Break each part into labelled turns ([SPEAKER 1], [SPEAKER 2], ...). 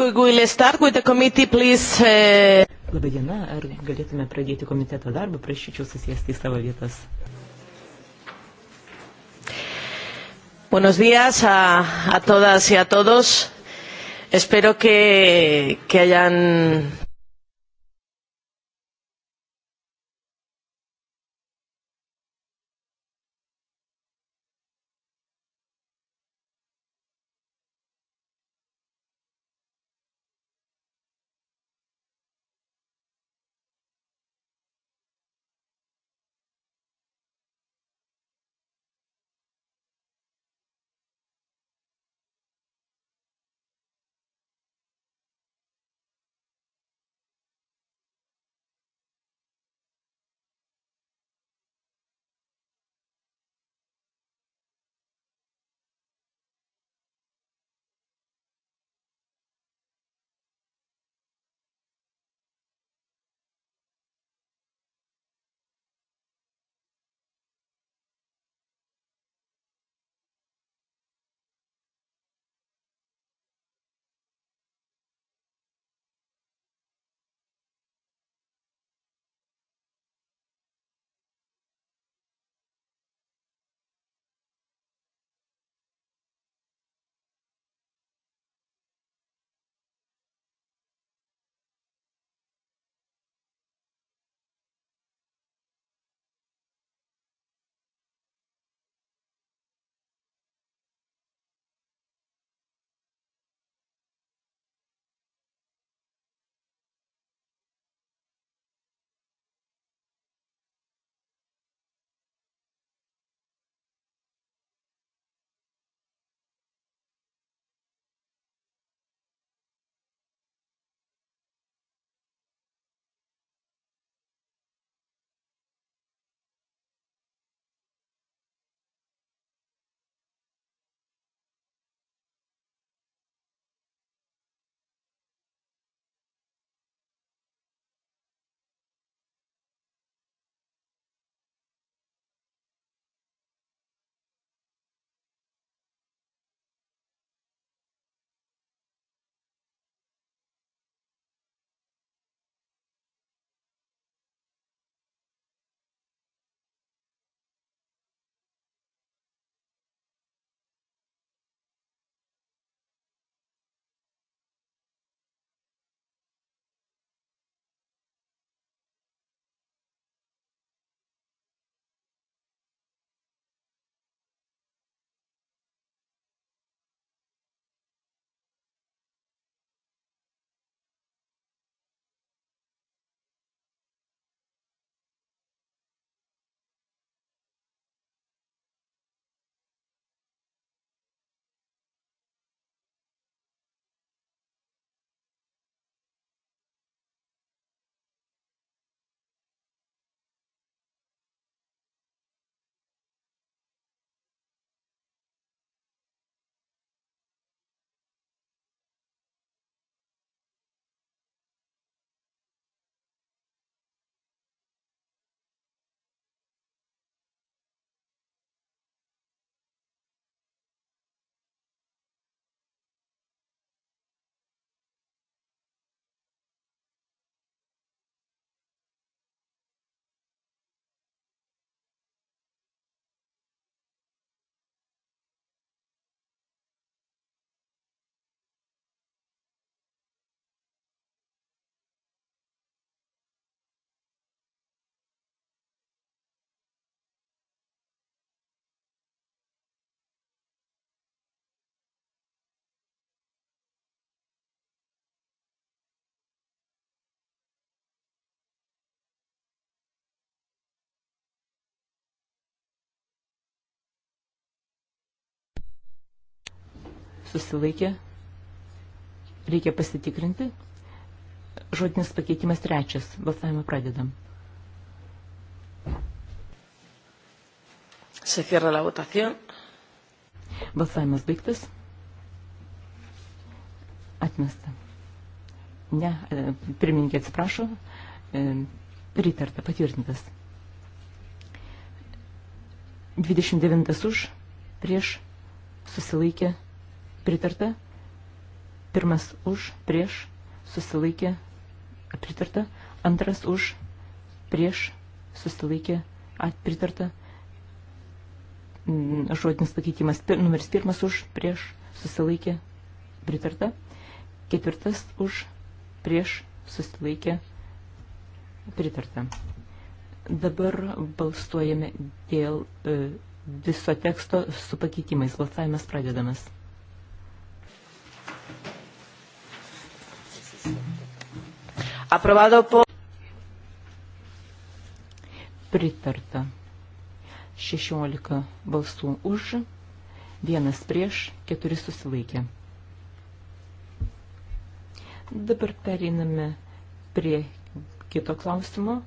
[SPEAKER 1] E, Labadiena, ar galėtume pradėti komiteto darbą, prašyčiau susėsti į savo vietas. Buenos días a, a todas y a todos. Espero que, que hayan. susilaikė, reikia pasitikrinti. Žodinis pakeitimas trečias. Balsavimą pradedam. Se cierra la votación. Balsavimas baigtas. Atmesta. Ne, e, pirmininkė atsiprašo. E, pritarta, patvirtintas. 29 už, prieš, susilaikė, pritarta, pirmas už, prieš, susilaikė, pritarta, antras už, prieš, susilaikė, pritarta, mm, žodinis pakeitimas, pir, numeris pirmas už, prieš, susilaikė, pritarta, ketvirtas už, prieš, susilaikė, pritarta. Dabar balsuojame dėl e, viso teksto su pakeitimais. Balsavimas pradedamas. Aprobado por... Pritarta. 16 balsų už, vienas prieš, keturi susilaikė. Dabar pereiname prie kito klausimo.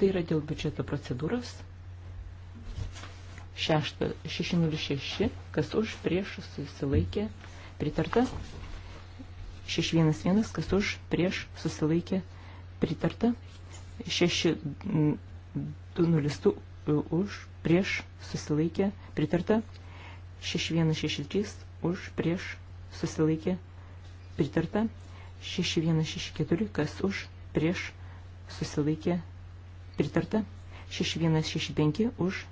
[SPEAKER 1] Tai yra dėl biudžeto procedūros. 606, kas už, prieš, susilaikė, pritarta. 611, kas už, prieš, susilaikė, pritarta. 6202 už, prieš, susilaikė, pritarta. 6163 už, prieš, susilaikė, pritarta. 6164, kas už, prieš, susilaikė, pritarta. 6165 už,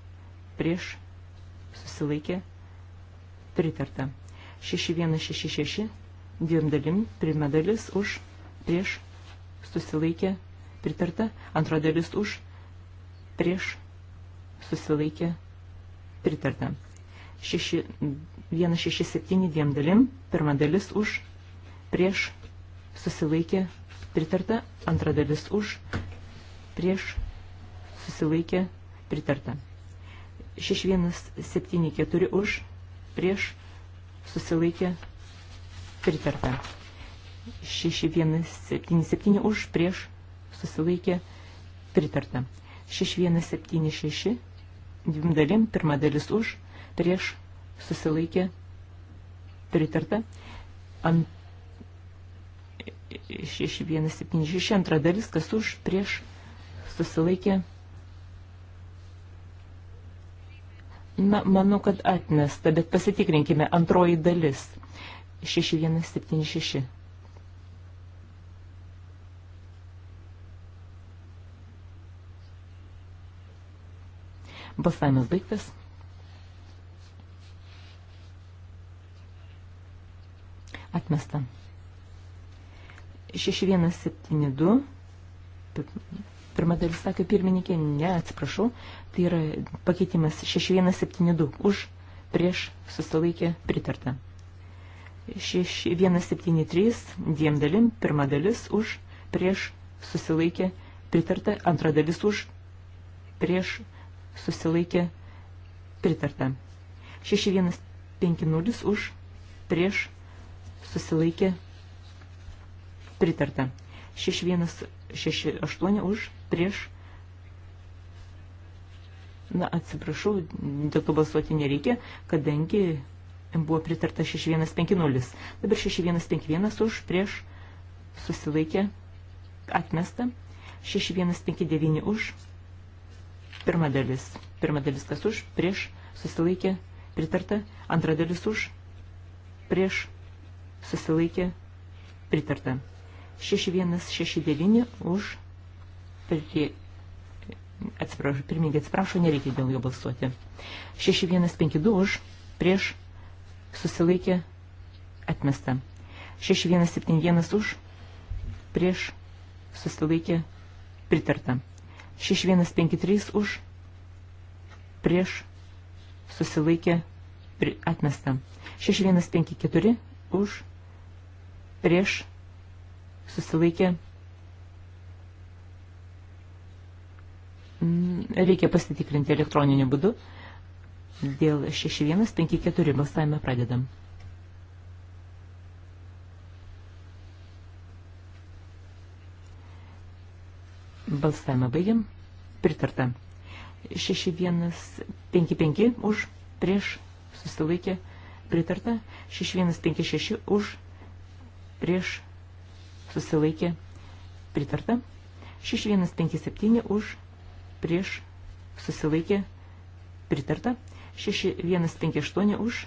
[SPEAKER 1] prieš, susilaikė, pritarta. 6166 dviem dalim, pirma dalis už, prieš, susilaikė, pritarta, antra dalis už, prieš, susilaikė, pritarta. 167 dviem dalim, pirma dalis už, prieš, susilaikė, pritarta, antra dalis už, prieš, susilaikė, pritarta. 6174 už, prieš, susilaikė, pritarta pritarta. 6177 už prieš susilaikė pritarta. 6176 dvim dalim, pirma dalis už prieš susilaikė pritarta. Ant 6176 antra dalis, kas už prieš susilaikė pritarta. Na, manau, kad atmesta, bet pasitikrinkime antroji dalis. 6176. Balsavimas baigtas. Atmesta. 6172. Pirma dalis sakė pirmininkė, ne, atsiprašau, tai yra pakeitimas 6172 už prieš susilaikė pritartą. 173 dviem dalim, pirma dalis už, prieš susilaikė pritarta, antra dalis už, prieš susilaikė pritarta. 6150 už, prieš susilaikė pritarta. 6168 už, prieš Na, atsiprašau, dėl to balsuoti nereikia, kadangi buvo pritarta 6150. Dabar 6151 už, prieš, susilaikė, atmesta. 6159 už, pirma dalis. Pirma dalis kas už, prieš, susilaikė, pritarta. Antra dalis už, prieš, susilaikė, pritarta. 6169 už, prie, atsiprašau, pirmingai atsiprašau, nereikia dėl jo balsuoti. 6152 už, prieš, susilaikė, atmesta. 6171 už, prieš, susilaikė, pritarta. 6153 už, prieš, susilaikė, pri, atmesta. 6154 už, prieš, susilaikė, mm, reikia pasitikrinti elektroniniu būdu. Dėl 6154 balsavime pradedam. Balsavimą baigiam. Pritarta. 6155 už, prieš, susilaikė, pritarta. 6156 už, prieš, susilaikė, pritarta. 6157 už, prieš, susilaikė, pritarta. 6158 už,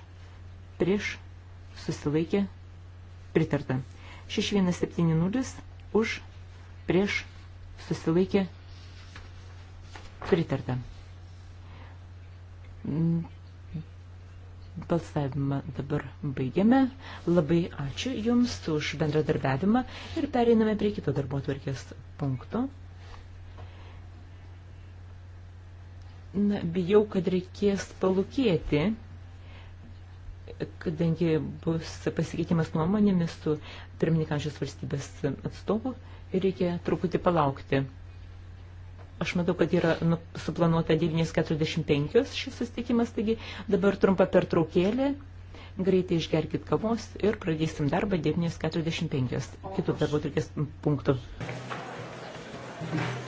[SPEAKER 1] prieš, susilaikė, pritarta. 6170 už, prieš, susilaikė, pritarta. Mm, balsavimą dabar baigiame. Labai ačiū Jums už bendradarbiavimą ir pereiname prie kito darbo tvarkės punkto. Na, bijau, kad reikės palūkėti, kadangi bus pasikeitimas nuomonėmis su pirmininkančios valstybės atstovu ir reikia truputį palaukti. Aš matau, kad yra nu, suplanuota 9.45 šis susitikimas, taigi dabar trumpa pertraukėlė, greitai išgerkit kavos ir pradėsim darbą 9.45 kitų darbo turkės punktų. Thank you.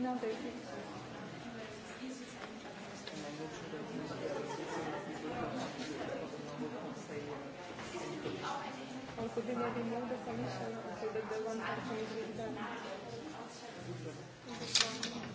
[SPEAKER 2] No, there's Also, did not know the commission, so that the one that is done.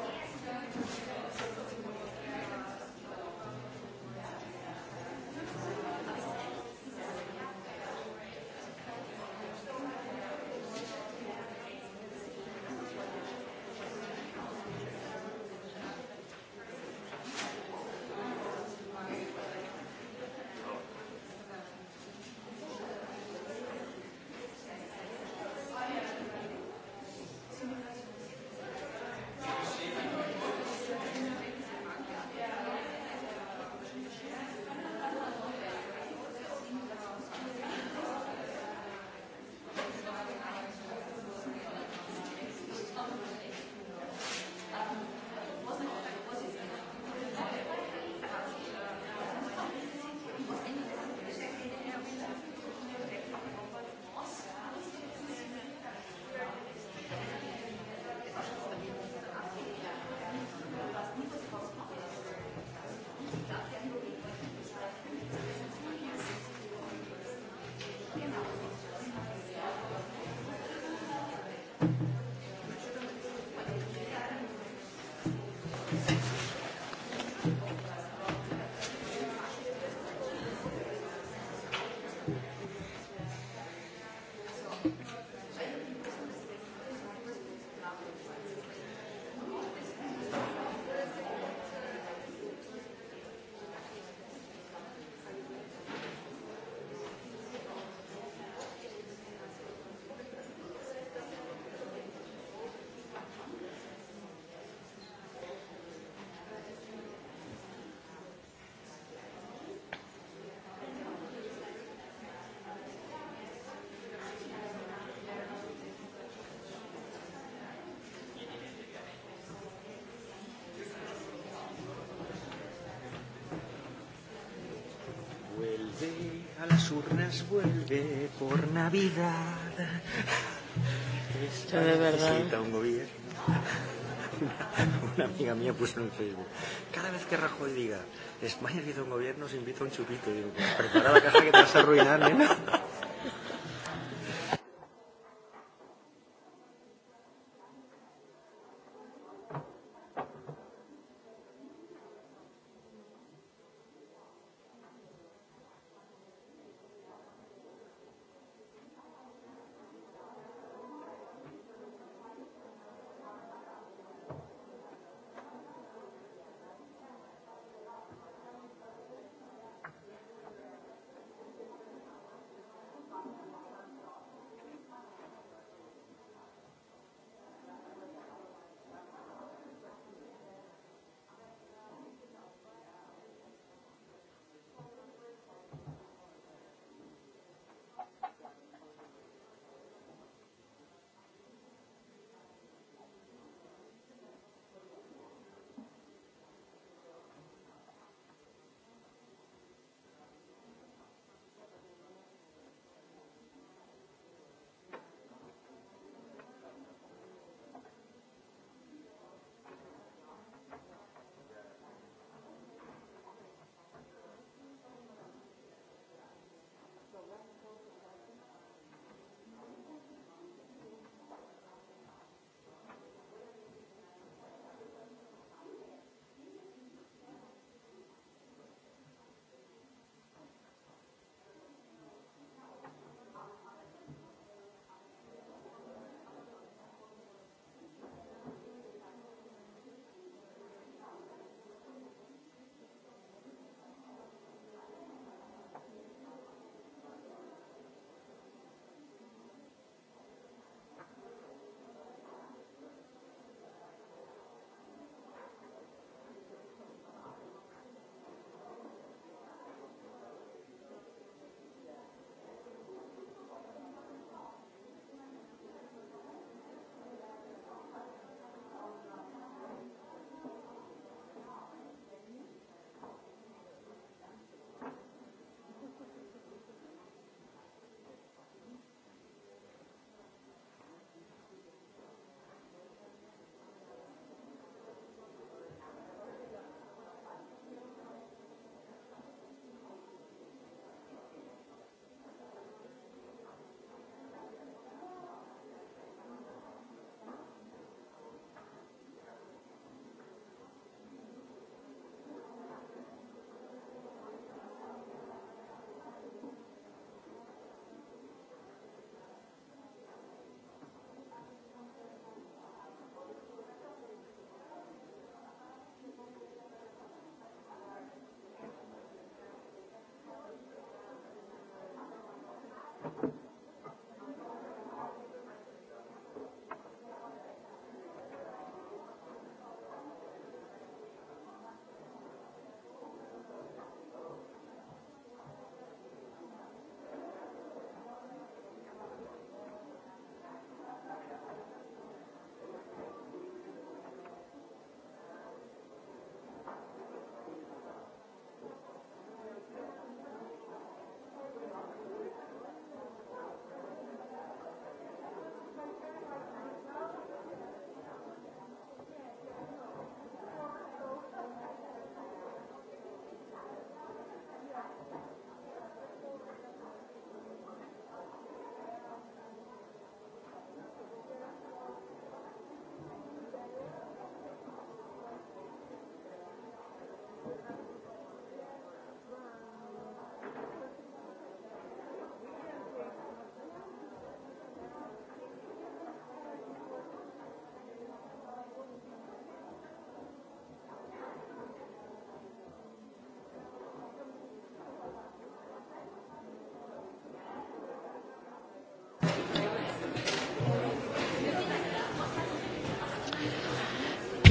[SPEAKER 2] vuelve, a las urnas vuelve por Navidad. Esta de verdad. necesita un gobierno. Una, una amiga mía puso en Facebook. Cada vez que Rajoy diga, España necesita un gobierno, se invita a un chupito. Digo, prepara la caja que te vas a arruinar, nena.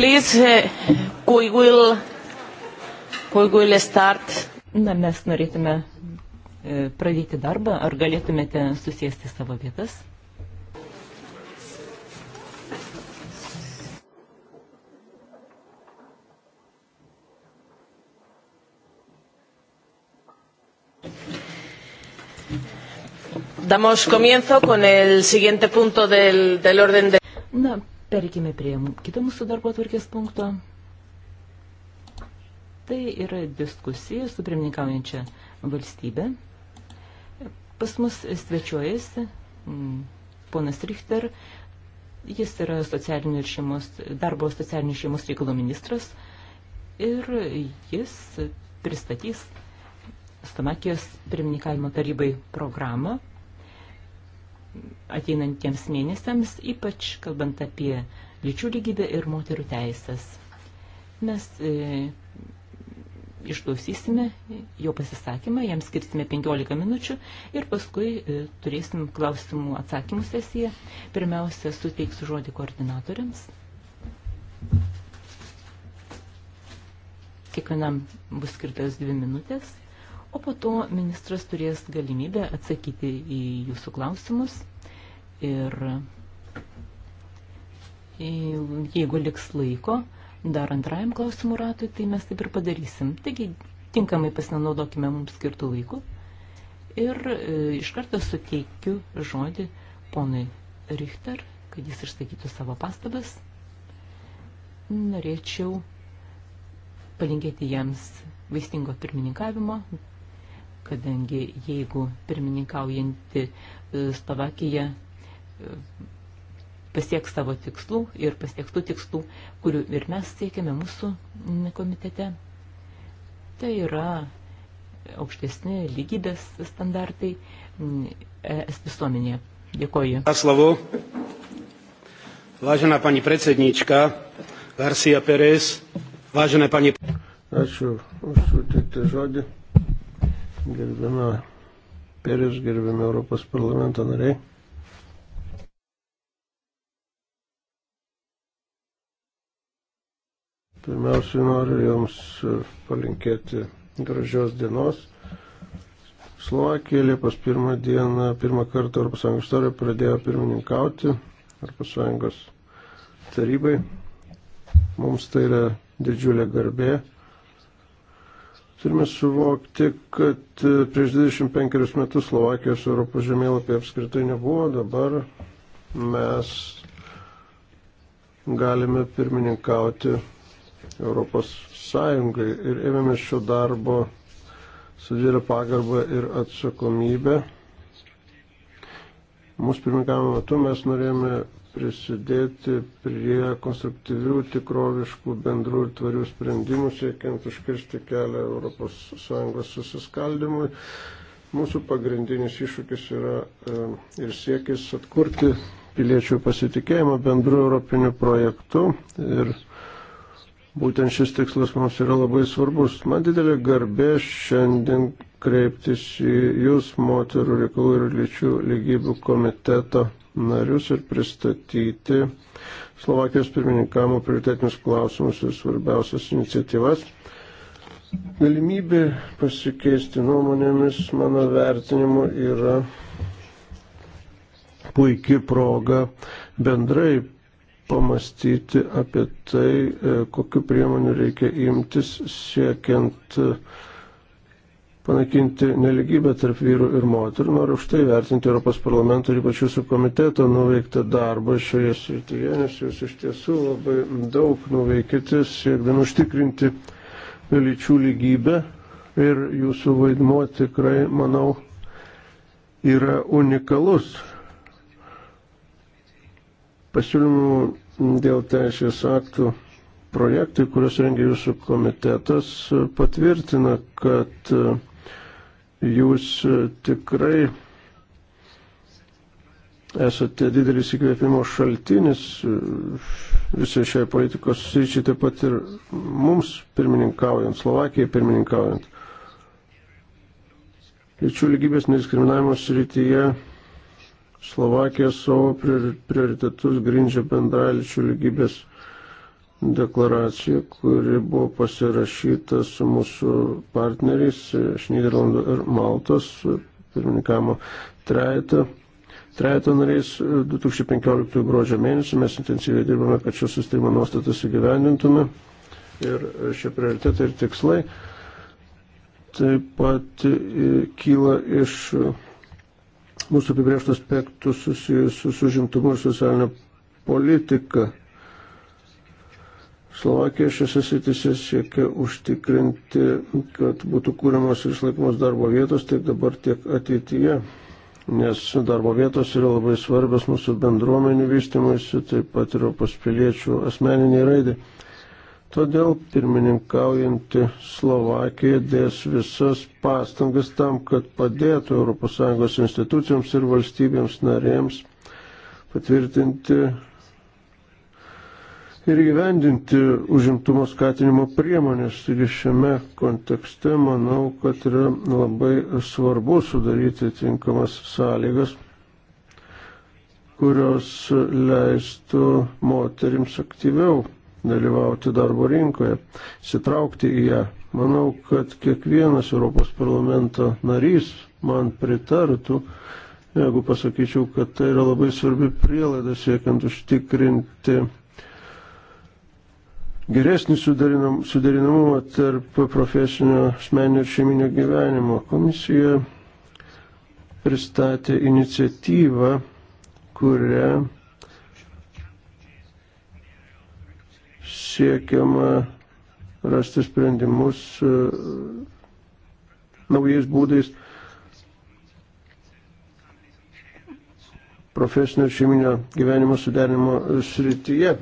[SPEAKER 1] Please, eh, we will, we will start. Na, mes norėtume e, pradėti darbą. Ar galėtumėte susėsti savo vietas? Damos comienzo con el siguiente punto del, del orden de. Na, Perikime prie kito mūsų darbo atvarkės punkto. Tai yra diskusija su pirmininkaujančia valstybė. Pas mus svečiuojasi mm, ponas Richter, jis yra socialinių ir šeimos, darbo socialinių šeimos reikalų ministras ir jis pristatys Slovakijos pirmininkavimo tarybai programą ateinantiems mėnesiams, ypač kalbant apie lyčių lygybę ir moterų teisės. Mes e, išklausysime jo pasisakymą, jam skirsime 15 minučių ir paskui e, turėsim klausimų atsakymų sesiją. Pirmiausia, suteiksiu žodį koordinatoriams. Kiekvienam bus skirtas dvi minutės o po to ministras turės galimybę atsakyti į jūsų klausimus ir jeigu liks laiko dar antrajam klausimų ratui, tai mes taip ir padarysim. Taigi tinkamai pasinaudokime mums skirtų laikų ir e, iš karto suteikiu žodį ponui Richter, kad jis išsakytų savo pastabas. Norėčiau palinkėti jiems vaistingo pirmininkavimo, kadangi jeigu pirmininkaujanti e, Slovakija e, pasieks savo tikslų ir pasieks tų tikslų, kurių ir mes siekiame mūsų komitete, tai yra aukštesni lygybės standartai es visuomenėje. Dėkoju.
[SPEAKER 3] Aslavu. Vážená pani predsedníčka Garcia Pérez, vážené pani... Ačiū už suteiktą žodį gerbėme Peris, gerbėme Europos parlamento nariai. Pirmiausia, noriu Jums palinkėti gražios dienos. Slovakija Liepos pirmą dieną, pirmą kartą ES istorijoje pradėjo pirmininkauti ES tarybai. Mums tai yra didžiulė garbė. Turime suvokti, kad e, prieš 25 metus Slovakijos Europos žemėlapį apskritai nebuvo, dabar mes galime pirmininkauti Europos Sąjungai ir ėmėmės šio darbo su didelė pagarba ir atsakomybė. Mūsų pirmininkavimo metu mes norėjome prisidėti prie konstruktyvių, tikroviškų, bendrų ir tvarių sprendimų, siekiant užkirsti kelią ES susiskaldimui. Mūsų pagrindinis iššūkis yra e, ir siekis atkurti piliečių pasitikėjimą bendru europiniu projektu. Ir būtent šis tikslas mums yra labai svarbus. Man didelė garbė šiandien kreiptis į Jūs, moterų reikalų ir lyčių lygybių komiteto narius ir pristatyti Slovakijos pirmininkamo prioritetinius klausimus ir svarbiausias iniciatyvas. Galimybė pasikeisti nuomonėmis, mano vertinimu, yra puikia proga bendrai pamastyti apie tai, e, kokiu priemoniu reikia imtis siekiant uh, panaikinti neligybę tarp vyrų ir moterų. Noriu už tai vertinti Europos parlamento ir ypač jūsų komiteto nuveiktą darbą šioje srityje, nes jūs iš tiesų labai daug nuveikite siekdami užtikrinti lyčių lygybę ir jūsų vaidmuo tikrai, manau, yra unikalus. Pasiūlymų dėl teisės aktų projektai, kuriuos rengia jūsų komitetas, patvirtina, kad Jūs e, tikrai esate didelis įkvėpimo šaltinis e, visai šiai politikos sričiai, taip pat ir mums pirmininkaujant, Slovakijai pirmininkaujant. Lyčių lygybės nediskriminavimo srityje Slovakija savo prioritetus grindžia bendra lyčių lygybės deklaracija, kuri buvo pasirašyta su mūsų partneriais iš e, Niderlandų ir Maltos, e, pirmininkamo trejato. Trejato nariais 2015 e, gruodžio mėnesį mes intensyviai dirbame, kad šio sustarimo nuostatas įgyvendintume ir šie prioritetai ir tikslai taip pat kyla iš mūsų apibrieštų aspektų susijusių su žimtumu ir socialinė politika. Slovakija šiose sritise siekia užtikrinti, kad būtų kūriamos ir išlaikomos darbo vietos tiek dabar, tiek ateityje, nes darbo vietos yra labai svarbios mūsų bendruomenių vystimuisi, taip pat ir paspiliečių asmeniniai raidai. Todėl pirmininkaujanti Slovakija dės visas pastangas tam, kad padėtų ES institucijoms ir valstybėms narėms patvirtinti ir įvendinti užimtumo skatinimo priemonės. Taigi šiame kontekste manau, kad yra labai svarbu sudaryti tinkamas sąlygas, kurios leistų moterims aktyviau dalyvauti darbo rinkoje, sitraukti į ją. Manau, kad kiekvienas Europos parlamento narys man pritartų, jeigu pasakyčiau, kad tai yra labai svarbi prielaida siekiant užtikrinti geresnį suderinam, suderinamumą tarp profesinio, asmeninio ir šeiminio gyvenimo. Komisija pristatė iniciatyvą, kuria siekiama rasti sprendimus e, naujais būdais profesinio ir šeiminio gyvenimo suderinimo srityje.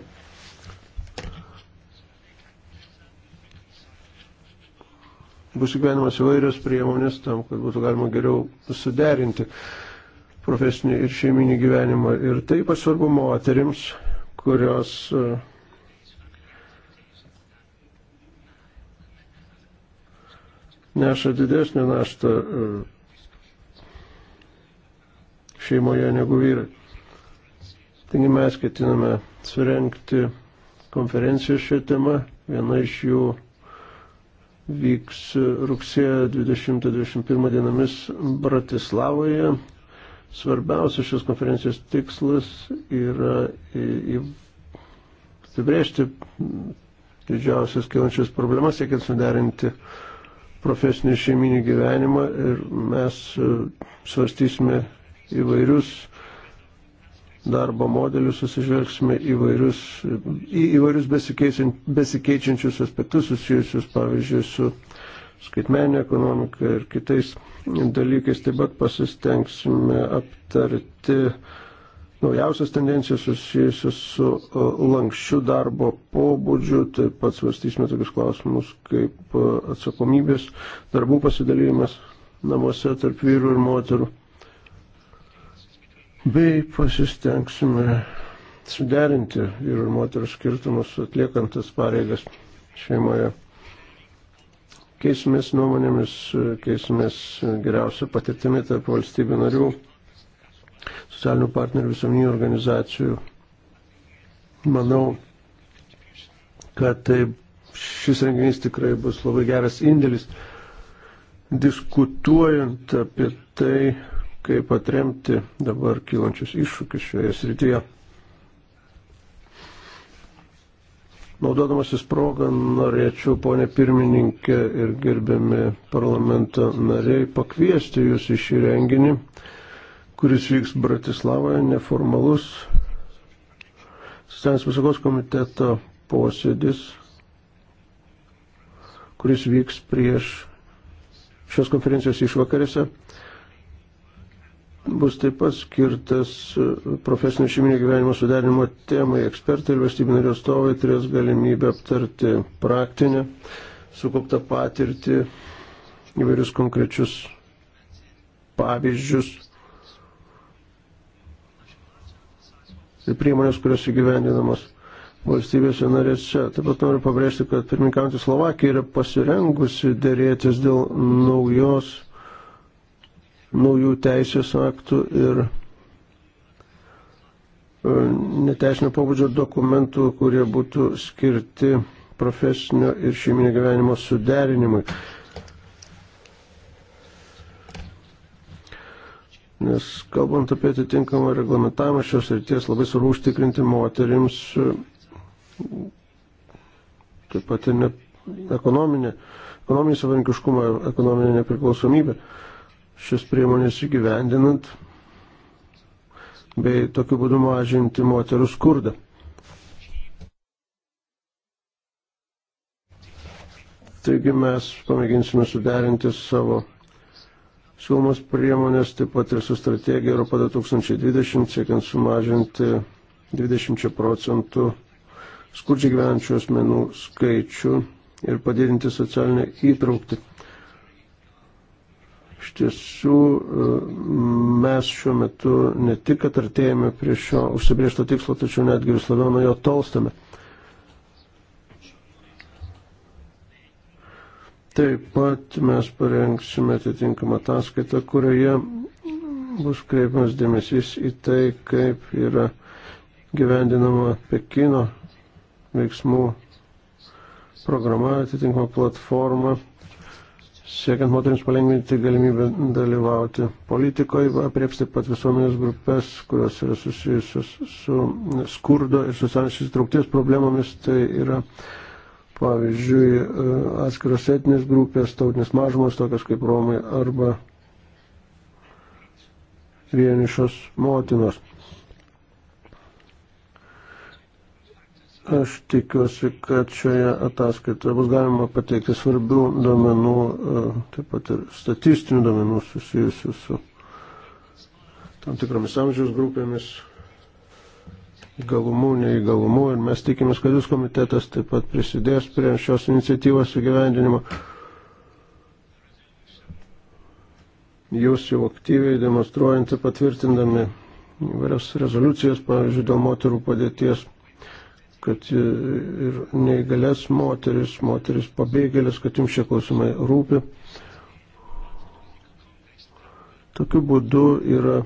[SPEAKER 3] bus įgyvenimas įvairios priemonės tam, kad būtų galima geriau suderinti profesinį ir šeiminį gyvenimą. Ir tai ypač svarbu moterims, kurios e, neša didesnį naštą e, šeimoje negu vyrai. Taigi mes ketiname surenkti konferenciją šią temą. Viena iš jų vyks rugsėjo 20-21 dienomis Bratislavoje. Svarbiausias šios konferencijos tikslas yra apibrėžti didžiausias kilančias problemas, siekiant suderinti profesinį šeiminį gyvenimą ir mes svarstysime įvairius darbo modelius, susižvelgsime įvairius, į įvairius besikeičiančius aspektus susijusius, pavyzdžiui, su skaitmeninė ekonomika ir kitais dalykais. Taip pat pasistengsime aptarti naujausias tendencijas susijusius su lankščiu darbo pobūdžiu, taip pat svarstysime tokius klausimus kaip atsakomybės, darbų pasidalymas namuose tarp vyrų ir moterų bei pasistengsime suderinti vyru ir moterų skirtumus atliekantas pareigas šeimoje. Keisimės nuomonėmis, keisimės geriausią patirtimį tarp valstybių narių, socialinių partnerių visuomeninių organizacijų. Manau, kad tai šis renginys tikrai bus labai geras indėlis diskutuojant apie tai, kaip atremti dabar kylančius iššūkius šioje srityje. Naudodamasis progą norėčiau, ponė pirmininkė ir gerbiami parlamento nariai, pakviesti jūs į šį renginį, kuris vyks Bratislavoje, neformalus Stens visokos komiteto posėdis, kuris vyks prieš šios konferencijos išvakarėse bus taip pat skirtas e, profesinio šeiminio gyvenimo sudarinimo temai. Ekspertai ir valstybinio atstovai turės galimybę aptarti praktinę, sukauptą patirtį, įvairius konkrečius pavyzdžius ir priemonės, kurios įgyvendinamos valstybėse narėse. Taip pat noriu pabrėžti, kad pirmininkaujantį Slovakiją yra pasirengusi dėrėtis dėl naujos naujų teisės aktų ir e, neteisinio pobūdžio dokumentų, kurie būtų skirti profesinio ir šeiminio gyvenimo suderinimui. Nes kalbant apie atitinkamą reglamentavimą šios ryties, labai svarbu užtikrinti moterims e, taip pat ir ne, ekonominį, ekonominį savarankiškumą, ekonominę nepriklausomybę. Uh, šias priemonės įgyvendinant bei tokiu būdu mažinti moterų skurdą. Taigi mes pamėginsime suderinti savo siūlomas priemonės, taip pat ir su strategija Europa 2020, siekiant sumažinti 20 procentų skurdžiai gyvenančių asmenų skaičių ir padidinti socialinę įtraukti. Iš tiesų e, mes šiuo metu ne tik atartėjame prie šio užsibriešto tikslo, tačiau netgi vis labiau nuo jo tolstame. Taip pat mes parengsime atitinkamą ataskaitą, kurioje bus kreipiamas dėmesys į tai, kaip yra gyvendinama Pekino veiksmų programa, atitinkama platforma siekiant moteriams palengvinti galimybę dalyvauti politikoje, apriepsti taip pat visuomenės grupės, kurios yra susijusios su skurdo ir socialinės įtraukties problemomis, tai yra, pavyzdžiui, atskiros etinės grupės, tautinės mažumos, tokios kaip Romai arba vienišos motinos. Aš tikiuosi, kad šioje ataskaitoje bus galima pateikti svarbių duomenų, e, taip pat ir statistinių duomenų susijusių su tam tikromis amžiaus grupėmis, įgalumų, neįgalumų. Ir mes tikimės, kad jūs komitetas taip pat prisidės prie šios iniciatyvos įgyvendinimo. Jūs jau aktyviai demonstruojantį, patvirtindami įvairias rezoliucijas, pavyzdžiui, dėl moterų padėties kad e, ir neįgalės moteris, moteris pabėgėlės, kad jums šie klausimai rūpi. Tokiu būdu yra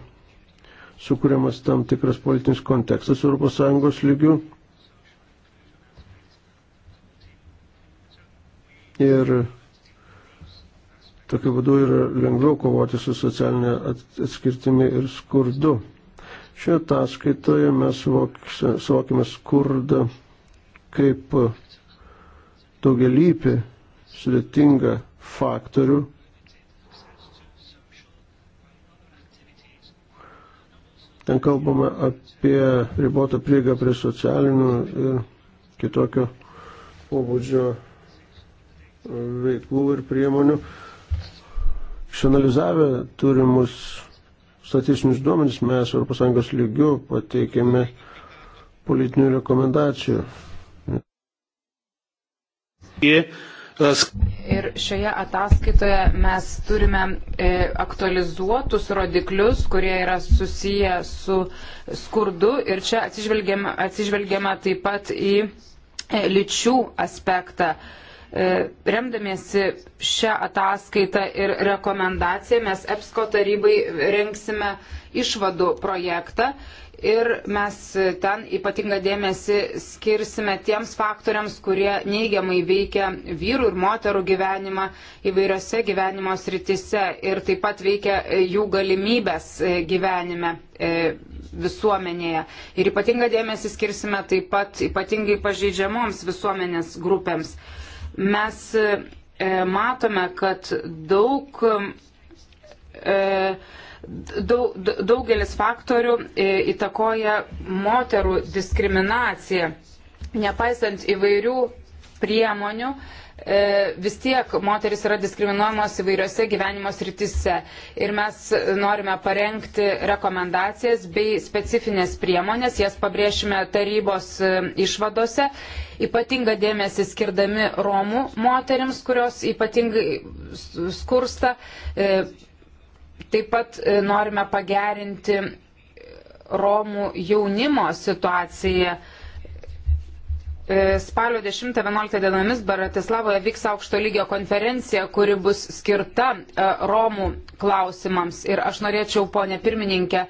[SPEAKER 3] sukūriamas tam tikras politinis kontekstas ES lygių. Ir tokiu būdu yra lengviau kovoti su socialinė atskirtimi ir skurdu. Šioje ataskaitoje mes suvokime skurdą kaip daugelįpį sudėtingą faktorių, Ten kalbame apie ribotą prieigą prie socialinių ir kitokio pobūdžio veiklų ir priemonių. Išanalizavę turimus statistinius duomenis mes ES lygių pateikėme politinių rekomendacijų.
[SPEAKER 2] Ir
[SPEAKER 4] šioje ataskaitoje mes turime e, aktualizuotus rodiklius, kurie yra susiję su skurdu ir čia atsižvelgiama, atsižvelgiama taip pat į e, lyčių aspektą. E, E, remdamiesi šią ataskaitą ir rekomendaciją, mes EPSCO tarybai renksime išvadų projektą ir mes ten ypatingą dėmesį skirsime tiems faktoriams, kurie neigiamai veikia vyrų ir moterų gyvenimą įvairiose gyvenimo sritise ir taip pat veikia jų galimybės e, gyvenime e, visuomenėje. Ir ypatingą dėmesį skirsime taip pat ypatingai pažeidžiamoms visuomenės grupėms. Mes e, matome, kad daug e, daug, daugelis faktorių e, įtakoja moterų diskriminaciją. Nepaisant įvairių priemonių, E, vis tiek moteris yra diskriminuojamos įvairiose gyvenimo sritise. Ir mes norime parengti rekomendacijas bei specifinės priemonės, jas pabrėšime tarybos e, išvadose, ypatingą dėmesį skirdami Romų moteriams, kurios ypatingai skursta. E, taip pat norime pagerinti Romų jaunimo situaciją E, spalio 10-11 dienomis Baratislavoje vyks aukšto lygio konferencija, kuri bus skirta e, Romų klausimams. Ir aš norėčiau, ponė pirmininkė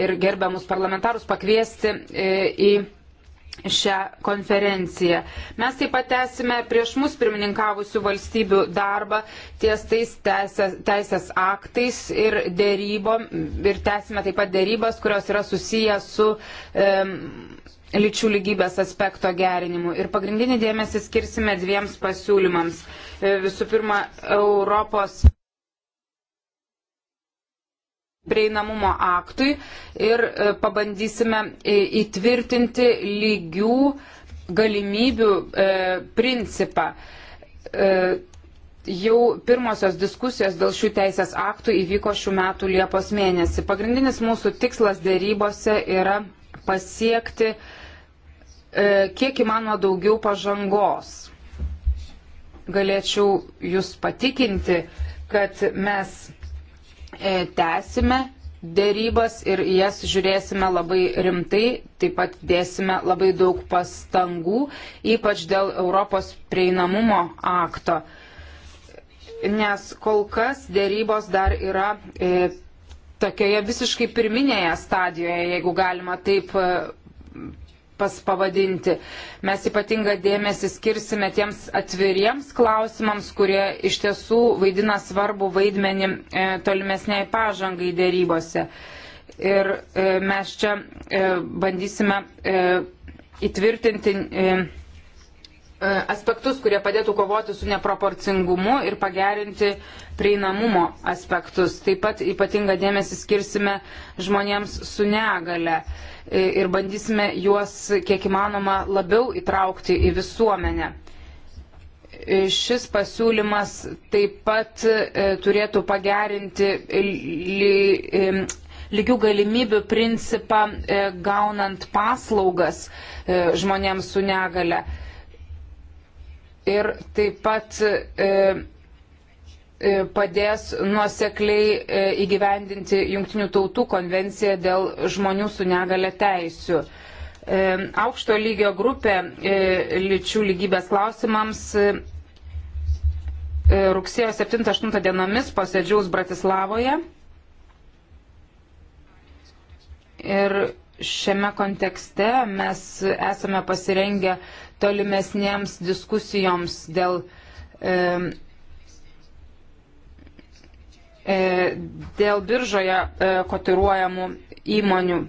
[SPEAKER 4] ir gerbiamus parlamentarus, pakviesti e, į šią konferenciją. Mes taip pat tęsime prieš mus pirmininkavusių valstybių darbą ties tais teisės, teisės aktais ir dėrybom ir tęsime taip pat dėrybas, kurios yra susiję su e, lyčių lygybės aspekto gerinimu. Ir pagrindinį dėmesį skirsime dviems pasiūlymams. E, visų pirma, Europos prieinamumo aktui ir e, pabandysime e, įtvirtinti lygių galimybių principą jau pirmosios diskusijos dėl šių teisės aktų įvyko šių metų Liepos mėnesį. Pagrindinis mūsų tikslas dėrybose yra pasiekti uh, E, kiek įmanoma daugiau pažangos. Galėčiau jūs patikinti, kad mes e, tęsime dėrybas ir jas žiūrėsime labai rimtai, taip pat dėsime labai daug pastangų, ypač dėl Europos prieinamumo akto. Nes kol kas dėrybos dar yra e, tokioje visiškai pirminėje stadijoje, jeigu galima taip e, pas pavadinti. Mes ypatingą dėmesį skirsime tiems atviriems klausimams, kurie iš tiesų vaidina svarbu vaidmenį e, tolimesniai pažangai dėrybose. Ir e, mes čia e, bandysime e, įtvirtinti. E, E, aspektus, kurie padėtų kovoti su neproporcingumu ir pagerinti prieinamumo aspektus. Taip pat ypatingą dėmesį skirsime žmonėms su negale e, ir bandysime juos kiek įmanoma labiau įtraukti į visuomenę. E, šis pasiūlymas taip pat turėtų pagerinti lygių galimybių principą gaunant paslaugas žmonėms su negale ir taip pat e, e, padės nuosekliai e, įgyvendinti Junktinių tautų konvenciją dėl žmonių su negale teisių. Aukšto lygio grupė lyčių lygybės klausimams rugsėjo 7-8 dienomis posėdžiaus Bratislavoje. Ir šiame kontekste mes esame pasirengę tolimesniems diskusijoms dėl e, e, dėl biržoje e, kotiruojamų įmonių.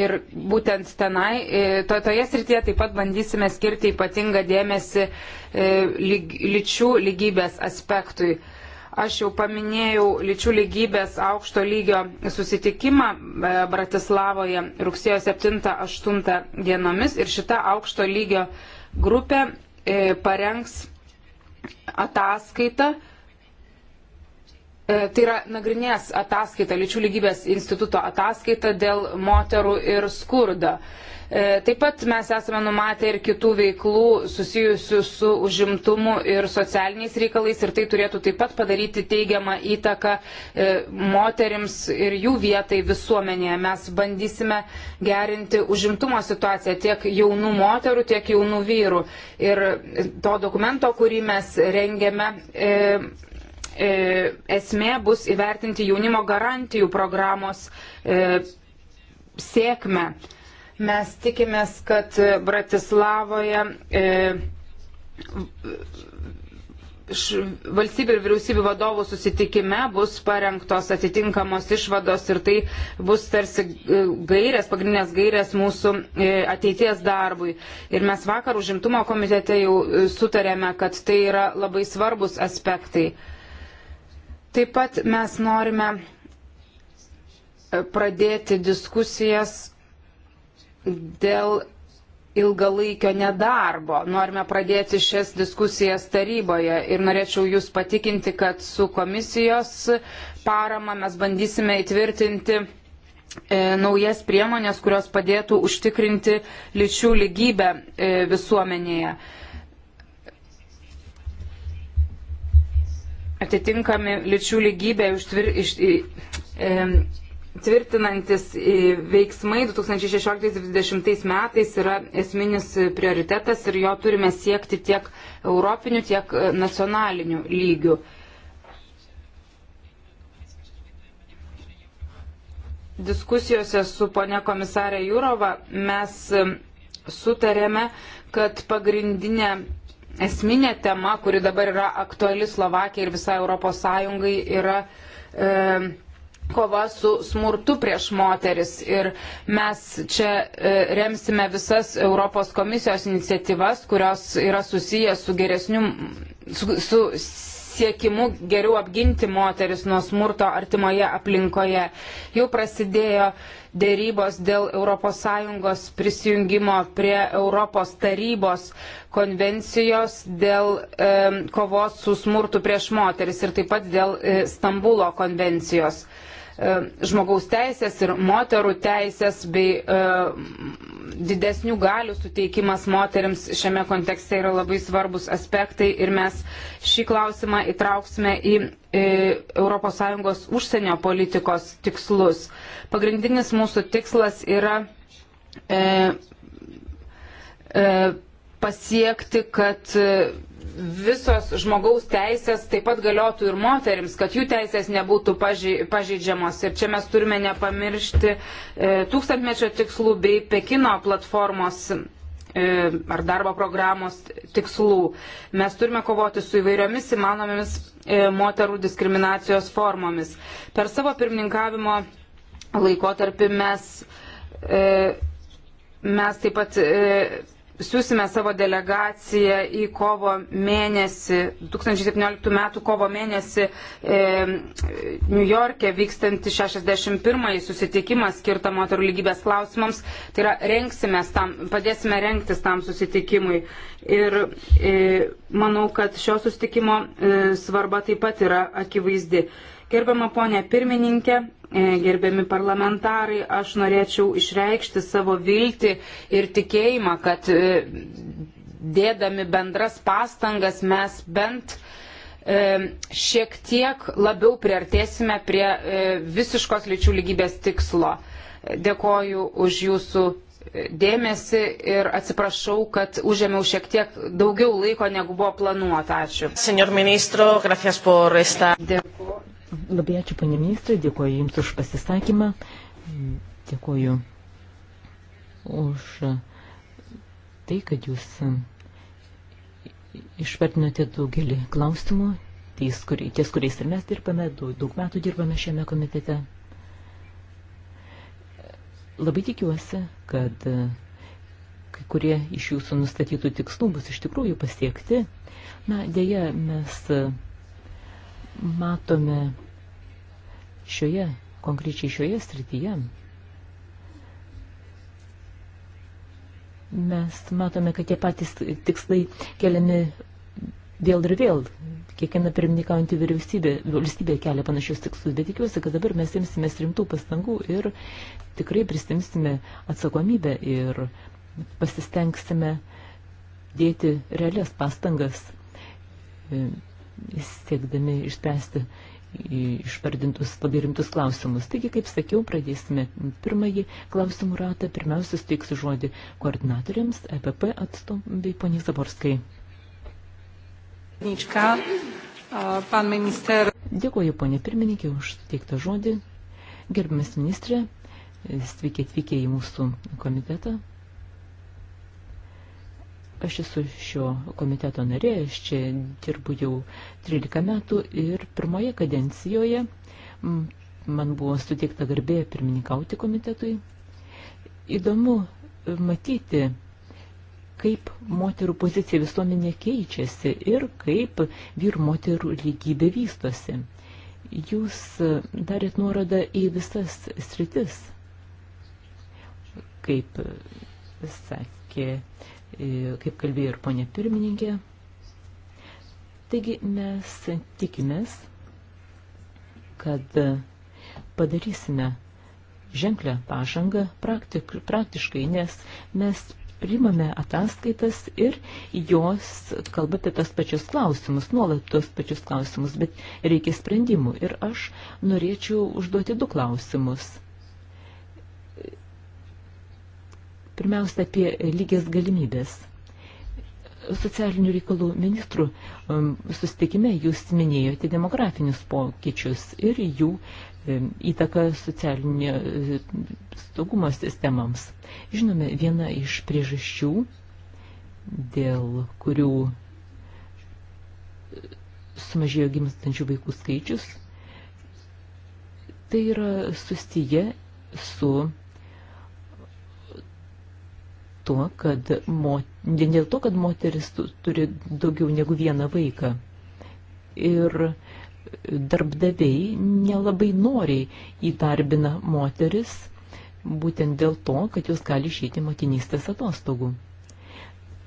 [SPEAKER 4] Ir būtent tenai, e, to, toje srityje taip pat bandysime skirti ypatingą dėmesį e, lyg, lyčių lygybės aspektui. Aš jau paminėjau lyčių lygybės aukšto lygio susitikimą e, Bratislavoje rugsėjo 7-8 dienomis ir šita aukšto lygio grupė e, parengs ataskaitą. E, tai yra nagrinės ataskaita, lyčių lygybės instituto ataskaita dėl moterų ir skurdo. E, taip pat mes esame numatę ir kitų veiklų susijusių su užimtumu ir socialiniais reikalais ir tai turėtų taip pat padaryti teigiamą įtaką e, moterims ir jų vietai visuomenėje. Mes bandysime gerinti užimtumo situaciją tiek jaunų moterų, tiek jaunų vyrų. Ir to dokumento, kurį mes rengėme. E, e, Esmė bus įvertinti jaunimo garantijų programos e, sėkmę. Mes tikimės, kad Bratislavoje e, valstybių ir vyriausybių vadovų susitikime bus parengtos atitinkamos išvados ir tai bus tarsi e, gairės, pagrindinės gairės mūsų e, ateities darbui. Ir mes vakar užimtumo komitete jau e, sutarėme, kad tai yra labai svarbus aspektai. Taip pat mes norime pradėti diskusijas dėl ilgalaikio nedarbo. Norime pradėti šias diskusijas taryboje ir norėčiau Jūs patikinti, kad su komisijos parama mes bandysime įtvirtinti e, naujas priemonės, kurios padėtų užtikrinti lyčių lygybę e, visuomenėje. Atitinkami lyčių lygybė užtvir, iš, e, tvirtinantis e, veiksmai 2016-2020 metais yra esminis prioritetas ir jo turime siekti tiek europinių, tiek e, nacionalinių lygių. Diskusijose su pone komisarė Jūrova mes e, sutarėme, kad pagrindinė esminė tema, kuri dabar yra aktuali Slovakija ir visai Europos Sąjungai, yra e, kova su smurtu prieš moteris. Ir mes čia e, remsime visas Europos komisijos iniciatyvas, kurios yra susijęs su geresniu, su, su siekimu geriau apginti moteris nuo smurto artimoje aplinkoje. Jau prasidėjo dėrybos dėl ES prisijungimo prie Europos tarybos konvencijos dėl e, kovos su smurtu prieš moteris ir taip pat dėl e, Stambulo konvencijos. E, žmogaus teisės ir moterų teisės bei e, didesnių galių suteikimas moteriams šiame kontekste yra labai svarbus aspektai ir mes šį klausimą įtrauksime į ES užsienio politikos tikslus. Pagrindinis mūsų tikslas yra e, pasiekti, kad visos žmogaus teisės taip pat galiotų ir moterims, kad jų teisės nebūtų pažeidžiamos. Ir čia mes turime nepamiršti e, tūkstantmečio tikslų bei Pekino platformos e, ar darbo programos tikslų. Mes turime kovoti su įvairiomis įmanomis e, moterų diskriminacijos formomis. Per savo pirmininkavimo laikotarpį mes, e, mes taip pat e, siūsime savo delegaciją į kovo mėnesį, 2017 m. kovo mėnesį e, New York'e vykstantį 61-ąjį susitikimą skirtą moterų lygybės klausimams. Tai yra, renksime tam, padėsime renktis tam susitikimui. Ir e, manau, kad šio susitikimo e, svarba taip pat yra akivaizdi. Gerbama ponė pirmininkė, E, gerbiami parlamentarai, aš norėčiau išreikšti savo viltį ir tikėjimą, kad e, dėdami bendras pastangas mes bent e, šiek tiek labiau priartėsime prie visiškos lyčių lygybės tikslo. Dėkoju už jūsų dėmesį ir atsiprašau, kad užėmiau šiek tiek daugiau laiko, negu buvo planuota. Ačiū. Senor ministro, gracias por esta.
[SPEAKER 1] Dėkoju. Labai ačiū, panė ministrė, dėkuoju Jums už pasisakymą, dėkuoju už tai, kad Jūs išvertinote daugelį klausimų, ties, kur, ties kuriais ir mes dirbame, daug, daug metų dirbame šiame komitete. Labai tikiuosi, kad kai kurie iš Jūsų nustatytų tikslų bus iš tikrųjų pasiekti. Na, dėja, mes matome šioje, konkrečiai šioje srityje, mes matome, kad tie patys tikslai keliami vėl ir vėl. Kiekviena pirmininkaujantį vyriausybė, valstybė kelia panašius tikslus, bet tikiuosi, kad dabar mes imsimės rimtų pastangų ir tikrai pristimsime atsakomybę ir pasistengsime dėti realias pastangas e, siekdami išspręsti išvardintus labai rimtus klausimus. Taigi, kaip sakiau, pradėsime pirmąjį klausimų ratą. Pirmiausia, steiksiu žodį koordinatoriams, EPP atstovai, poniai Zaborskai. Dėkuoju, ponė pirmininkė, už teiktą žodį. Gerbimas ministrė, sveiki atvykę į mūsų komitetą. Aš esu šio komiteto narė, aš čia dirbu jau 13 metų ir pirmoje kadencijoje man buvo suteikta garbė pirmininkauti komitetui. Įdomu e, matyti, kaip moterų pozicija visuomenė keičiasi ir kaip vyrų moterų lygybė vystosi. Jūs e, darėt nuorodą į visas sritis, kaip e, sakė E, kaip kalbėjo ir ponė pirmininkė. Taigi mes tikimės, kad padarysime ženklę pažangą praktik, praktiškai, nes mes priimame ataskaitas ir jos kalba apie tas pačius klausimus, nuolat tos pačius klausimus, bet reikia sprendimų. Ir aš norėčiau užduoti du klausimus. Pirmiausia, apie lygias galimybės. Socialinių reikalų ministrų um, susitikime jūs minėjote demografinius pokyčius ir jų um, įtaką socialinio uh, saugumo sistemams. Žinome, viena iš priežasčių, dėl kurių uh, sumažėjo gimstančių vaikų skaičius, tai yra susiję su tuo, kad mo, vien dėl to, kad moteris turi daugiau negu vieną vaiką. Ir darbdaviai nelabai noriai įdarbina moteris būtent dėl to, kad jos gali išeiti motinystės atostogų.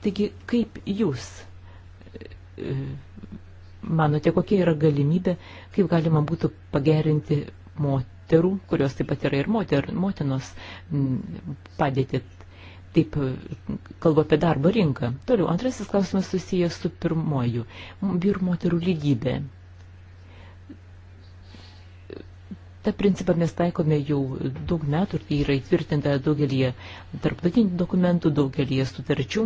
[SPEAKER 1] Taigi, kaip jūs e, manote, kokia yra galimybė, kaip galima būtų pagerinti moterų, kurios taip pat yra ir moter, motinos padėti Taip, kalbu apie darbo rinką. Toliau, antrasis klausimas susijęs su pirmoju. Vyrų moterų lygybė. Ta principą mes taikome jau daug metų ir tai yra įtvirtinta daugelį tarptautinių dokumentų, daugelį sutarčių.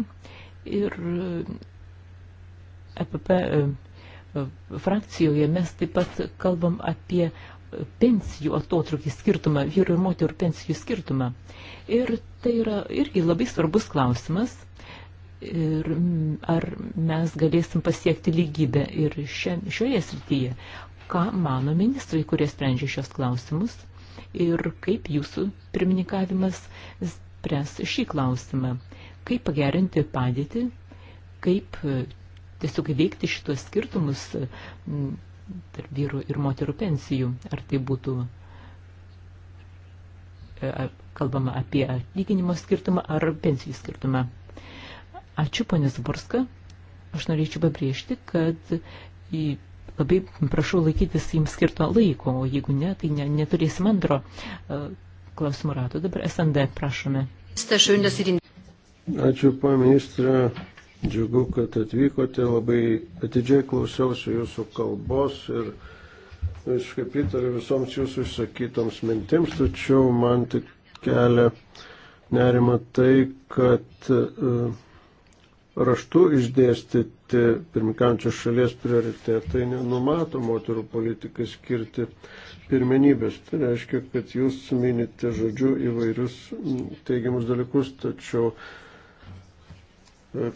[SPEAKER 1] Ir EPP e e, frakcijoje mes taip pat kalbam apie pensijų atotrukį skirtumą, vyru ir moterų pensijų skirtumą. Ir tai yra irgi labai svarbus klausimas, ir mm, ar mes galėsim pasiekti lygybę ir šia, šioje srityje. Ką mano ministrai, kurie sprendžia šios klausimus ir kaip jūsų pirmininkavimas spręs šį klausimą. Kaip pagerinti padėtį, kaip e, tiesiog įveikti šitos skirtumus mm, tarp vyrų ir moterų pensijų. Ar tai būtų e, kalbama apie atlyginimo skirtumą ar pensijų skirtumą. Ačiū, ponė Zaborska. Aš norėčiau pabrėžti, kad labai prašau laikytis jums skirto laiko, o jeigu ne, tai ne, neturėsim antro e, klausimų rato. Dabar SND, prašome.
[SPEAKER 3] Ačiū, paministrė. Džiugu, kad atvykote, labai atidžiai klausiausi jūsų kalbos ir visiškai pritariu visoms jūsų išsakytoms mintims, tačiau man tik kelia nerima tai, kad e, raštu išdėstyti pirmikančios šalies prioritetai nenumato moterų politikai skirti pirmenybės. Tai reiškia, kad jūs minite žodžiu įvairius teigiamus dalykus, tačiau uh,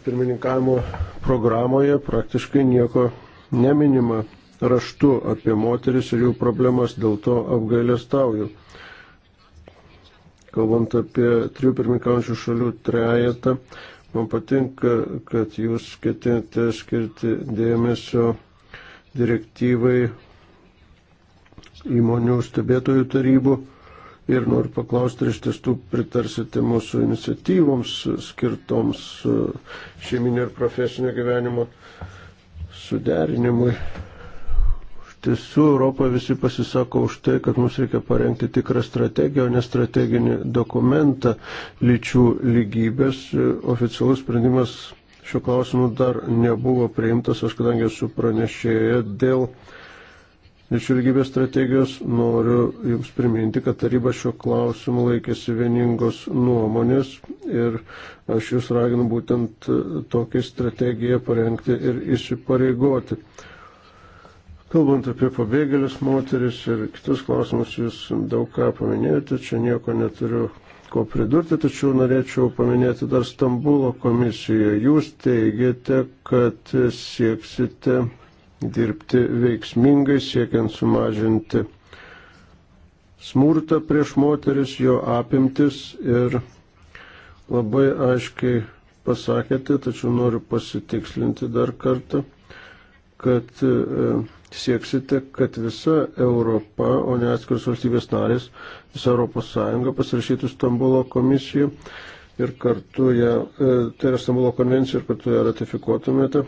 [SPEAKER 3] pirmininkavimo programoje praktiškai nieko neminima raštu apie moteris ir jų problemas, dėl to apgailestauju. Kalbant apie trijų pirmininkaujančių šalių trejetą, man patinka, kad jūs ketinate skirti dėmesio direktyvai įmonių stebėtojų tarybų ir noriu paklausti, ar iš tiesų pritarsite mūsų iniciatyvoms skirtoms e, šeiminio ir profesinio gyvenimo suderinimui. Iš tiesų Europoje visi pasisako už tai, kad mums reikia parengti tikrą strategiją, o ne strateginį dokumentą lyčių lygybės. E, oficialus sprendimas šio klausimu dar nebuvo priimtas, aš kadangi esu pranešėję dėl lyčių lygybės strategijos, noriu Jums priminti, kad taryba šio klausimu laikėsi vieningos nuomonės ir aš Jūs raginu būtent tokią strategiją parengti ir įsipareigoti. Kalbant apie pabėgėlius, moteris ir kitus klausimus, Jūs daug ką paminėjote, čia nieko neturiu ko pridurti, tačiau norėčiau paminėti dar Stambulo komisiją. Jūs teigiate, kad sieksite dirbti veiksmingai, siekiant sumažinti smurtą prieš moteris, jo apimtis ir labai aiškiai pasakėte, tačiau noriu pasitikslinti dar kartą, kad e, sieksite, kad visa Europa, o ne atskiros valstybės narės, visa Europos Sąjunga pasirašytų Stambulo komisiją ir kartu ją, e, tai yra Stambulo konvencija ir kartu ją ratifikuotumėte.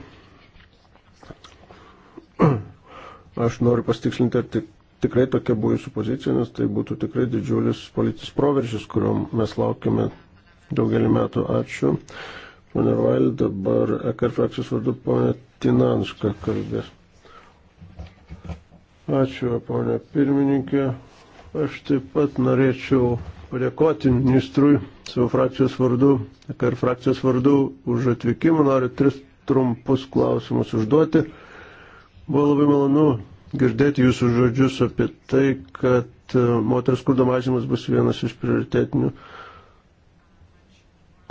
[SPEAKER 3] Aš noriu pastikslinti, ar tik, tikrai tokia buvo jūsų pozicija, nes tai būtų tikrai didžiulis politinis proveržis, kurio mes laukiame daugelį metų. Ačiū. Pane Vail, dabar EKR frakcijos vardu ponė Tinanska kalbės. Ačiū, ponė pirmininkė. Aš taip pat norėčiau padėkoti ministrui savo frakcijos vardu, EKR frakcijos vardu už atvykimą. Noriu tris trumpus klausimus užduoti. Buvo labai malonu girdėti jūsų žodžius apie tai, kad e, moters skurdo mažymas bus vienas iš prioritetinių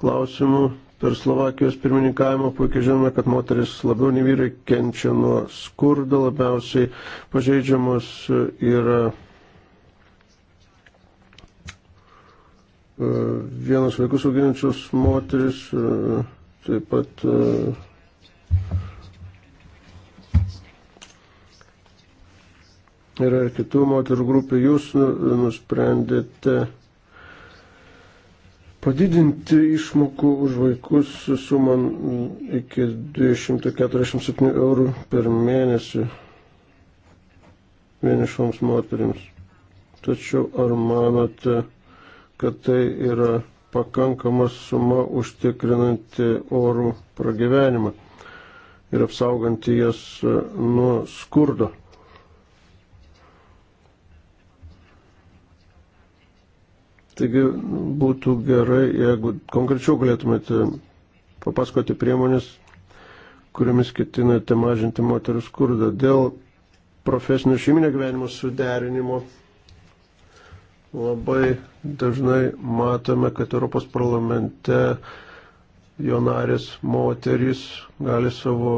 [SPEAKER 3] klausimų per Slovakijos pirmininkavimą. Puikiai žinome, kad moteris labiau nei vyrai kenčia nuo skurdo, labiausiai pažeidžiamos yra e, vienas vaikus auginančios moteris, e, taip pat yra ir kitų moterų grupių, jūs nu, nusprendėte padidinti išmokų už vaikus sumą iki 247 eurų per mėnesį vienišoms moteriams. Tačiau ar manote, kad tai yra pakankama suma užtikrinanti orų pragyvenimą ir apsauganti jas nuo skurdo? Taigi būtų gerai, jeigu konkrečiau galėtumėte papasakoti priemonės, kuriomis ketinate mažinti moterų skurdą dėl profesinio šeiminio gyvenimo suderinimo. Labai dažnai matome, kad Europos parlamente jo narės moterys gali savo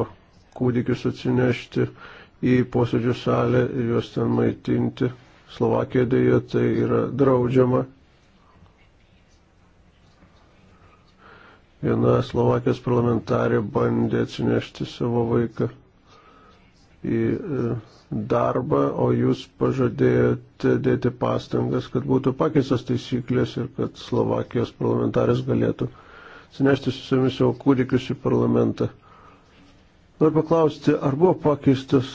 [SPEAKER 3] kūdikius atsinešti į posėdžių salę ir juos ten maitinti. Slovakijoje tai yra draudžiama Viena Slovakijos parlamentarė bandė atsinešti savo vaiką į e, darbą, o jūs pažadėjote dėti pastangas, kad būtų pakeistas taisyklės ir kad Slovakijos parlamentarės galėtų atsinešti su savimi savo kūdikius į parlamentą. Noriu paklausti, ar buvo pakeistas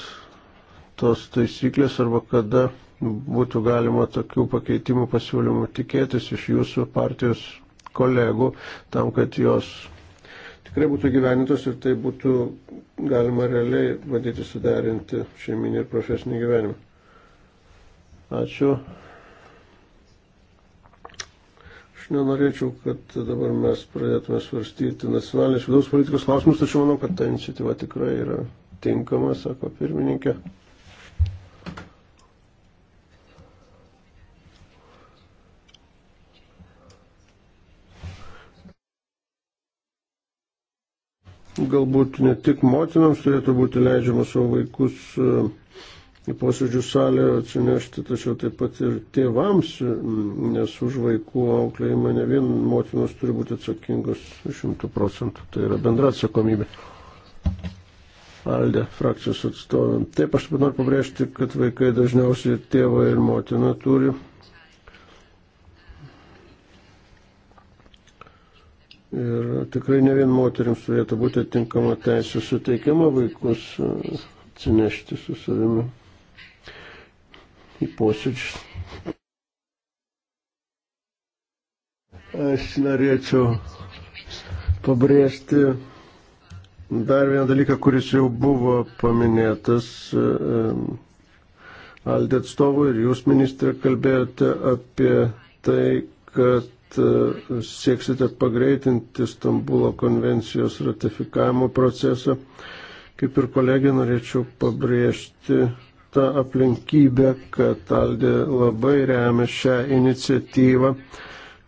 [SPEAKER 3] tos taisyklės arba kada būtų galima tokių pakeitimų pasiūlymų tikėtis iš jūsų partijos kolegų tam, kad jos tikrai būtų gyvenintos ir tai būtų galima realiai bandyti suderinti šeiminį ir profesinį gyvenimą. Ačiū. Aš nenorėčiau, kad dabar mes pradėtume svarstyti nacionalinės vidaus politikos klausimus, tačiau manau, kad ta iniciatyva tikrai yra tinkama, sako pirmininkė. galbūt ne tik motinams turėtų būti leidžiama savo vaikus e, į posėdžių salę atsinešti, tačiau taip pat ir tėvams, e, nes už vaikų auklėjimą ne vien motinos turi būti atsakingos šimtų procentų, tai yra bendra atsakomybė. Aldė frakcijos atstovė. Taip aš noriu pabrėžti, kad vaikai dažniausiai tėvą ir motiną turi Ir tikrai ne vien moteriams turėtų būti tinkama teisė suteikiama vaikus e, atsinešti su savimi į posėdžius. Aš norėčiau pabrėžti dar vieną dalyką, kuris jau buvo paminėtas e, e, Aldė atstovų ir jūs, ministrė, kalbėjote apie tai, kad E, sieksite pagreitinti Stambulo konvencijos ratifikavimo procesą. Kaip ir kolegė, norėčiau pabrėžti tą aplinkybę, kad Aldė labai remia šią iniciatyvą.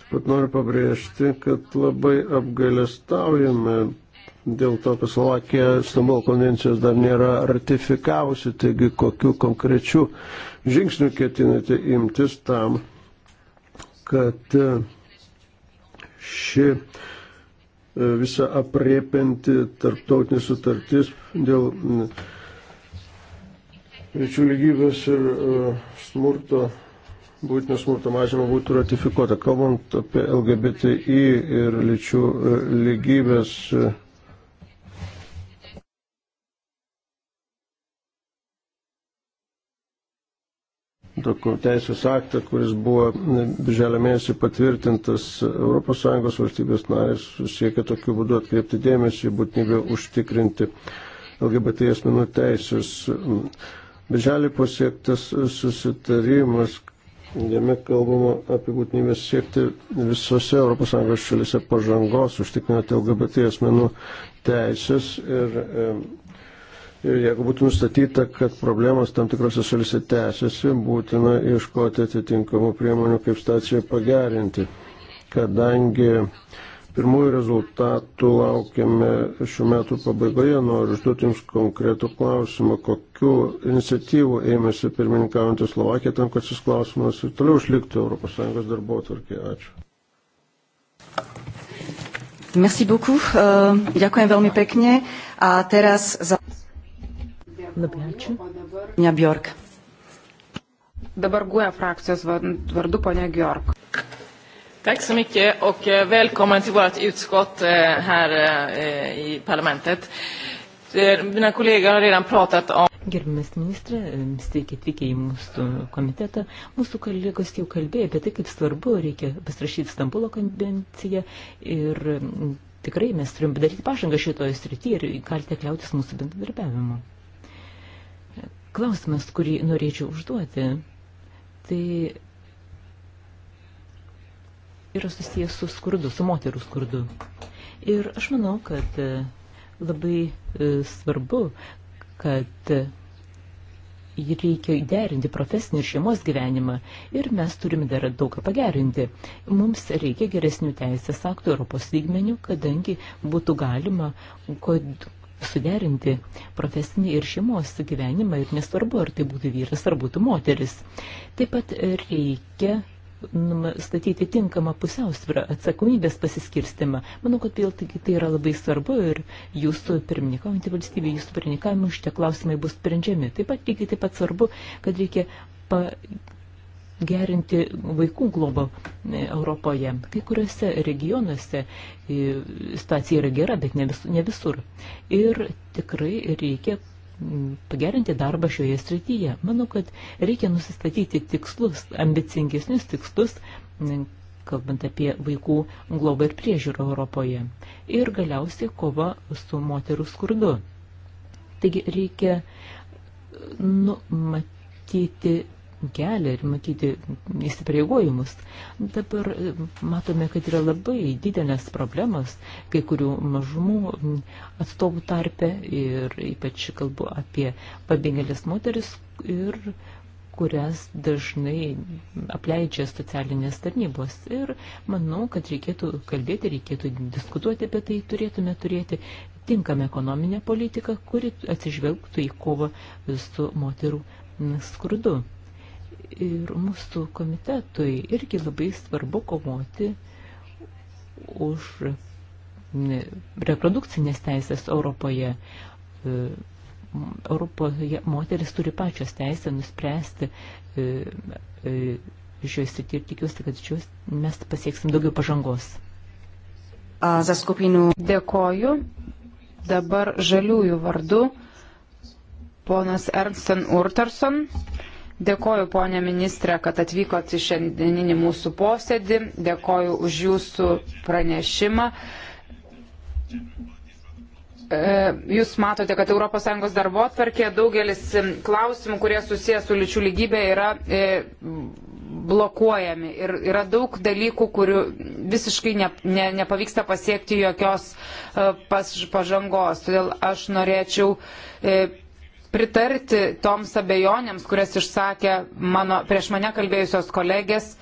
[SPEAKER 3] Taip pat noriu pabrėžti, kad labai apgailestaujame dėl to, kad Slovakija Stambulo konvencijos dar nėra ratifikavusi, taigi kokiu konkrečiu žingsniu ketinate imtis tam, kad uh, ši e, visą apriepinti tarptautinė sutartis dėl lyčių lygybės ir e, smurto, būtinio smurto mažimo būtų ratifikuota. Kalbant apie LGBTI ir lyčių e, lygybės teisės aktą, kuris buvo birželio mėnesį patvirtintas ES valstybės narės, siekia tokiu būdu atkreipti dėmesį, būtinybę užtikrinti LGBT asmenų teisės. Birželį pasiektas susitarimas, jame kalbama apie būtinybę siekti visose ES šalise pažangos, užtikrinti LGBT asmenų teisės ir e, Ir jeigu būtų nustatyta, kad problemos tam tikrose šalise tęsiasi, būtina ieškoti atitinkamų priemonių, kaip staciją pagerinti. Kadangi pirmųjų rezultatų laukiame šių metų pabaigoje, noriu užduoti Jums konkretų klausimą, kokiu iniciatyvu ėmėsi pirmininkaujantį Slovakiją tam, kad šis klausimas ir toliau išliktų ES darbo tvarkė. Ačiū.
[SPEAKER 1] Merci beaucoup. Uh, ďakujem veľmi pekne. A teraz za... Labai ačiū. Ne Bjork.
[SPEAKER 4] Dabar guoja e frakcijos vardu ponia Georg.
[SPEAKER 1] Tack så mycket och eh, välkommen till vårt utskott eh, här eh, i parlamentet. Mina kollegor har redan pratat om Gerbiamas ministrė, sveiki atvykę į mūsų komitetą. Mūsų kolegos jau kalbėjo apie tai, kaip svarbu reikia pasirašyti Stambulo konvenciją ir mm, tikrai mes turim padaryti pažangą šitoje srityje ir galite kliautis mūsų bendradarbiavimu. Klausimas, kurį norėčiau užduoti, tai yra susijęs su skurdu, su moterų skurdu. Ir aš manau, kad e, labai e, svarbu, kad e, jį reikia derinti profesinį ir šeimos gyvenimą ir mes turime dar daug ką pagerinti. Mums reikia geresnių teisės aktų Europos lygmenių, kadangi būtų galima, kad suderinti profesinį ir šeimos gyvenimą ir nesvarbu, ar tai būtų vyras ar būtų moteris. Taip pat reikia nustatyti tinkamą pusiausvyrą, atsakomybės pasiskirstimą. Manau, kad vėl tai, tai yra labai svarbu ir jūsų pirmininkaujantį valstybę, jūsų pirmininkavimu šitie klausimai bus sprendžiami. Taip pat lygiai taip pat svarbu, kad reikia pa, gerinti vaikų globą e, Europoje. Kai kuriuose regionuose e, situacija yra gera, bet ne, vis, ne visur. Ir tikrai reikia pagerinti darbą šioje srityje. Manau, kad reikia nusistatyti tikslus, ambicingesnius tikslus, kalbant apie vaikų globą ir priežiūrą Europoje. Ir galiausiai kova su moterų skurdu. Taigi reikia numatyti kelią ir matyti įsipareigojimus. Dabar e, matome, kad yra labai didelės problemas kai kurių mažumų atstovų tarpe ir ypač kalbu apie pabėgėlės moteris ir kurias dažnai apleidžia socialinės tarnybos. Ir manau, kad reikėtų kalbėti, reikėtų diskutuoti apie tai, turėtume turėti tinkamą ekonominę politiką, kuri atsižvelgtų į kovą su moterų skurdu. Ir mūsų komitetui irgi labai svarbu kovoti už reprodukcinės teisės Europoje. E, Europoje moteris turi pačios teisę nuspręsti e, e, šioje srityje ir tikiuosi, kad šios mes pasieksim daugiau pažangos.
[SPEAKER 4] Za skupinų dėkoju. Dabar žaliųjų vardu ponas Ernsten Urtarson. Dėkoju, ponė ministrė, kad atvykote į šiandieninį mūsų posėdį. Dėkoju už jūsų pranešimą. E, jūs matote, kad ES darbo atvarkė daugelis klausimų, kurie susijęs su lyčių lygybė, yra e, blokuojami. Ir yra daug dalykų, kurių visiškai ne, ne, nepavyksta pasiekti jokios e, pas, pažangos. Todėl aš norėčiau pritarti toms abejonėms, kurias išsakė mano, prieš mane kalbėjusios kolegės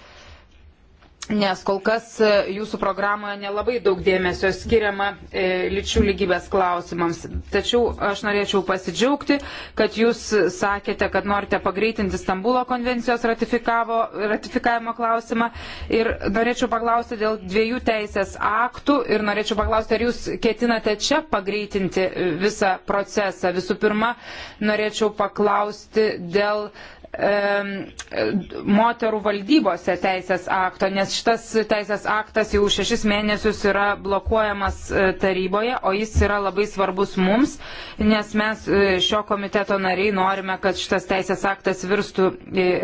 [SPEAKER 4] Nes kol kas e, jūsų programoje nelabai daug dėmesio skiriama e, lyčių lygybės klausimams. Tačiau aš norėčiau pasidžiaugti, kad jūs sakėte, kad norite pagreitinti Stambulo konvencijos ratifikavimo klausimą. Ir norėčiau paklausti dėl dviejų teisės aktų ir norėčiau paklausti, ar jūs ketinate čia pagreitinti visą procesą. Visų pirma, norėčiau paklausti dėl moterų valdybose teisės akto, nes šitas teisės aktas jau šešis mėnesius yra blokuojamas e, taryboje, o jis yra labai svarbus mums, nes mes e, šio komiteto nariai norime, kad šitas teisės aktas virstų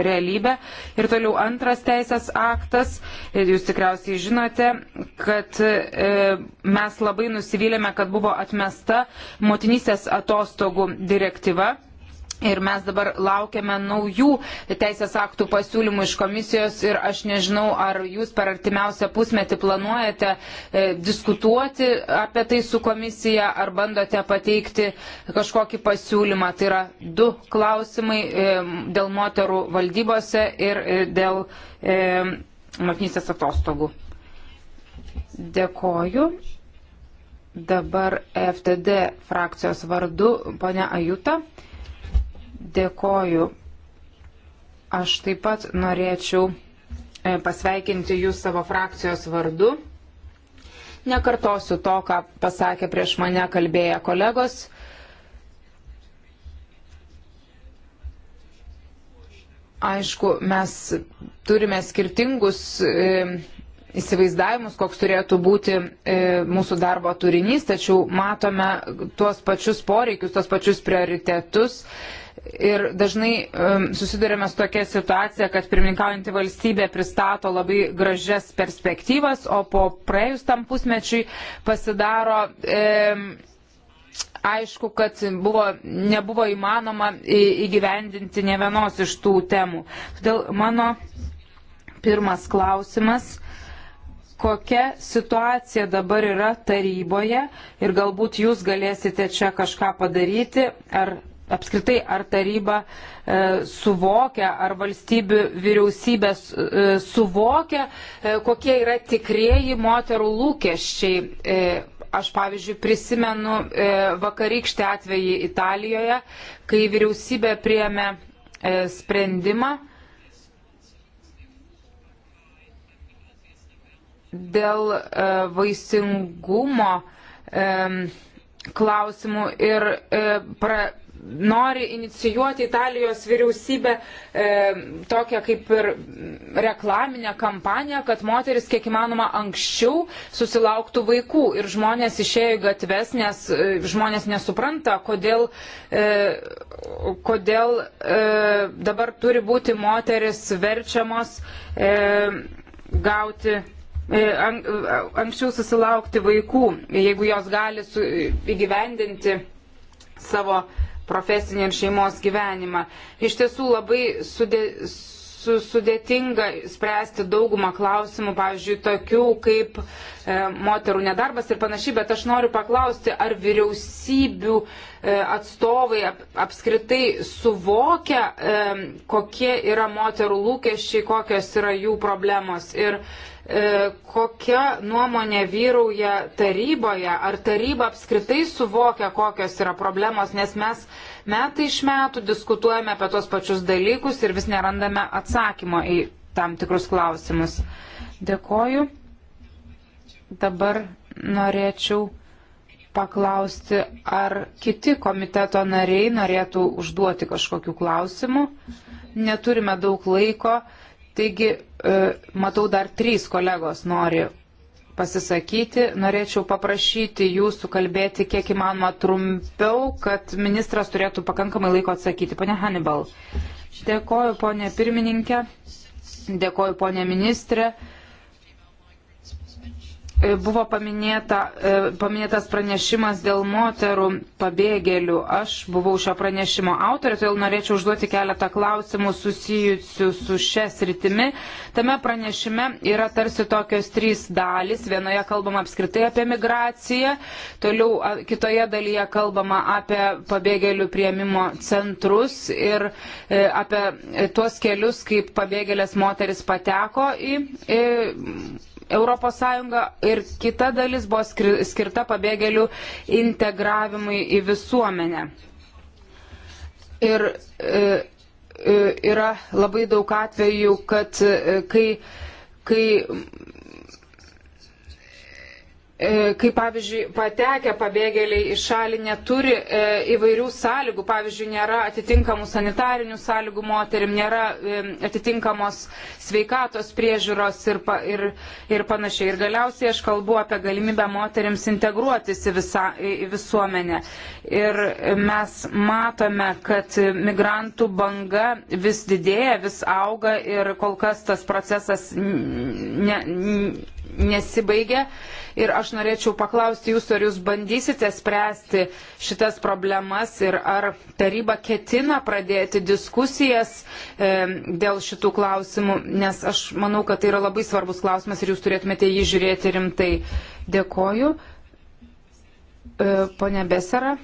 [SPEAKER 4] realybę. Ir toliau antras teisės aktas, jūs tikriausiai žinote, kad e, mes labai nusivylėme, kad buvo atmesta motinystės atostogų direktyva Ir mes dabar laukiame naujų teisės aktų pasiūlymų iš komisijos ir aš nežinau, ar jūs per artimiausią pusmetį planuojate e, diskutuoti apie tai su komisija, ar bandote pateikti kažkokį pasiūlymą. Tai yra du klausimai e, dėl moterų valdybose ir e, dėl e, motinystės atostogų. Dėkoju. Dabar FTD frakcijos vardu, ponia Ajuta. Dėkoju. Aš taip pat norėčiau e, pasveikinti jūs savo frakcijos vardu. Nekartosiu to, ką pasakė prieš mane kalbėję kolegos. Aišku, mes turime skirtingus e, įsivaizdavimus, koks turėtų būti e, mūsų darbo turinys, tačiau matome tuos pačius poreikius, tuos pačius prioritetus. E, Ir dažnai um, susidurėme su tokia situacija, kad pirmininkaujanti valstybė pristato labai gražias perspektyvas, o po praėjus tam pusmečiui pasidaro. Um, aišku, kad buvo, nebuvo įmanoma įgyvendinti ne vienos iš tų temų. Todėl mano pirmas klausimas, kokia situacija dabar yra taryboje ir galbūt jūs galėsite čia kažką padaryti, ar apskritai, ar taryba e, suvokia, ar valstybių vyriausybės e, suvokia, e, kokie yra tikrieji moterų lūkesčiai. E, aš, pavyzdžiui, prisimenu e, vakarykštį atvejį Italijoje, kai vyriausybė priėmė e, sprendimą dėl e, vaisingumo e, klausimų ir e, pra, nori inicijuoti Italijos vyriausybę e, tokią kaip ir reklaminę kampaniją, kad moteris kiek įmanoma anksčiau susilauktų vaikų. Ir žmonės išėjo į gatves, nes e, žmonės nesupranta, kodėl, e, kodėl e, dabar turi būti moteris verčiamos e, gauti e, anksčiau susilaukti vaikų, jeigu jos gali su, įgyvendinti savo uh, profesinį ir šeimos gyvenimą. Iš tiesų labai sudė, su, sudėtinga spręsti daugumą klausimų, pavyzdžiui, tokių kaip e, moterų nedarbas ir panašiai, bet aš noriu paklausti, ar vyriausybių e, atstovai ap, apskritai suvokia, e, kokie yra moterų lūkesčiai, kokios yra jų problemos. Ir, e, E, kokia nuomonė vyrauja taryboje, ar taryba apskritai suvokia, kokios yra problemos, nes mes metai iš metų diskutuojame apie tos pačius dalykus ir vis nerandame atsakymo į tam tikrus klausimus. Dėkoju. Dabar norėčiau paklausti, ar kiti komiteto nariai norėtų užduoti kažkokių klausimų. Neturime daug laiko. Taigi, e, matau, dar trys kolegos nori pasisakyti. Norėčiau paprašyti jūsų kalbėti kiek įmanoma trumpiau, kad ministras turėtų pakankamai laiko atsakyti. Pane Hannibal, dėkoju, ponė pirmininkė, dėkoju, ponė ministrė. E, buvo paminėta, e, paminėtas pranešimas dėl moterų pabėgėlių. Aš buvau šio pranešimo autorė, todėl norėčiau užduoti keletą klausimų susijusių su šia sritimi. Tame pranešime yra tarsi tokios trys dalys. Vienoje kalbama apskritai apie migraciją, toliau kitoje dalyje kalbama apie pabėgėlių prieimimo centrus ir e, apie tuos kelius, kaip pabėgėlės moteris pateko į, į ES ir kita dalis buvo skirta pabėgėlių integravimui į visuomenę. Ir e, e yra labai daug atvejų, kad e, kai, kai E, kai pavyzdžiui patekę pabėgėliai į šalį neturi e, įvairių sąlygų, pavyzdžiui, nėra atitinkamų sanitarinių sąlygų moterim, nėra e, atitinkamos sveikatos priežiūros ir, pa, ir, ir panašiai. Ir galiausiai aš kalbu apie galimybę moterims integruotis į, visa, į, į visuomenę. Ir mes matome, kad migrantų banga vis didėja, vis auga ir kol kas tas procesas ne, nesibaigia. Ne ir aš norėčiau paklausti jūsų, ar jūs bandysite spręsti šitas problemas ir ar taryba ketina pradėti diskusijas e, dėl šitų klausimų, nes aš manau, kad tai yra labai svarbus klausimas ir jūs turėtumėte jį žiūrėti rimtai. Dėkoju. E, pone Besara.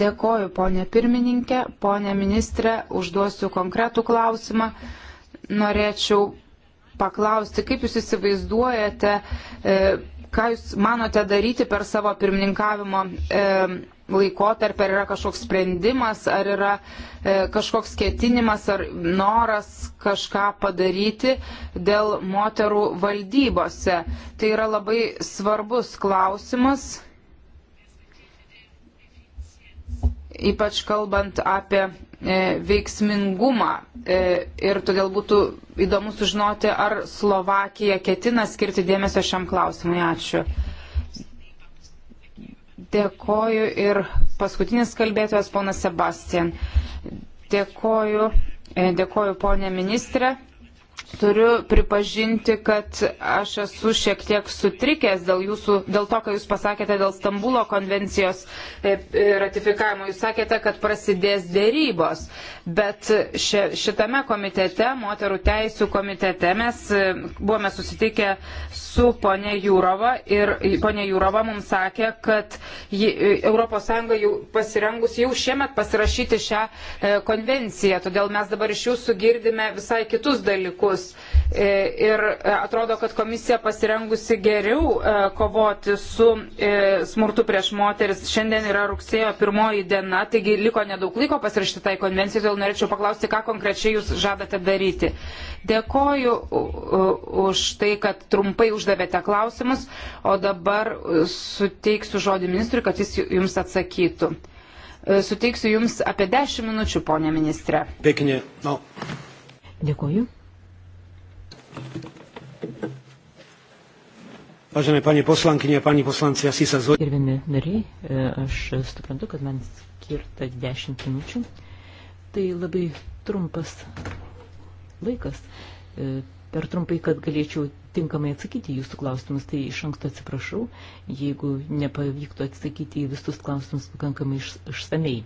[SPEAKER 4] Dėkoju, ponė pirmininkė, ponė ministrė, užduosiu konkretų klausimą. Norėčiau paklausti, kaip jūs įsivaizduojate, e, ką jūs manote daryti per savo pirmininkavimo e, laikotarpį, ar yra kažkoks sprendimas, ar yra e, kažkoks ketinimas ar noras kažką padaryti dėl moterų valdybose. Tai yra labai svarbus klausimas ypač kalbant apie e, veiksmingumą. E, ir todėl būtų įdomu sužinoti, ar Slovakija ketina skirti dėmesio šiam klausimui. Ačiū. Dėkoju ir paskutinis kalbėtojas, ponas Sebastian. Dėkoju, e, dėkoju ponė ministrė. Turiu pripažinti, kad aš esu šiek tiek sutrikęs dėl, jūsų, dėl to, ką jūs pasakėte dėl Stambulo konvencijos e, e, ratifikavimo. Jūs sakėte, kad prasidės dėrybos, bet šitame komitete, moterų teisų komitete, mes e, buvome susitikę su ponė Jūrova ir ponė Jūrova mums sakė, kad ES jau pasirengus jau šiemet pasirašyti šią konvenciją. Todėl mes dabar iš jūsų girdime visai kitus dalykus dalykus. E, ir e, atrodo, kad komisija pasirengusi geriau e, kovoti su smurtu prieš moteris. Šiandien yra rugsėjo pirmoji diena, taigi liko nedaug laiko pasirašyti tai konvencijai, todėl norėčiau paklausti, ką konkrečiai jūs žadate daryti. Dėkoju už tai, kad trumpai uždavėte klausimus, o dabar suteiksiu žodį ministrui, kad jis jums atsakytų. Suteiksiu Jums apie 10 minučių, ponė ministrė. Pėkinė. No.
[SPEAKER 1] Dėkuoju. Pažemė, panie poslankinė, panie poslanci, aš įsivaizduoju. Gerbiami nariai, e, aš suprantu, kad man skirta 10 minučių. Tai labai trumpas laikas. E, per trumpai, kad galėčiau tinkamai atsakyti jūsų klausimus, tai iš anksto atsiprašau, jeigu nepavyktų atsakyti į visus klausimus pakankamai išsamei.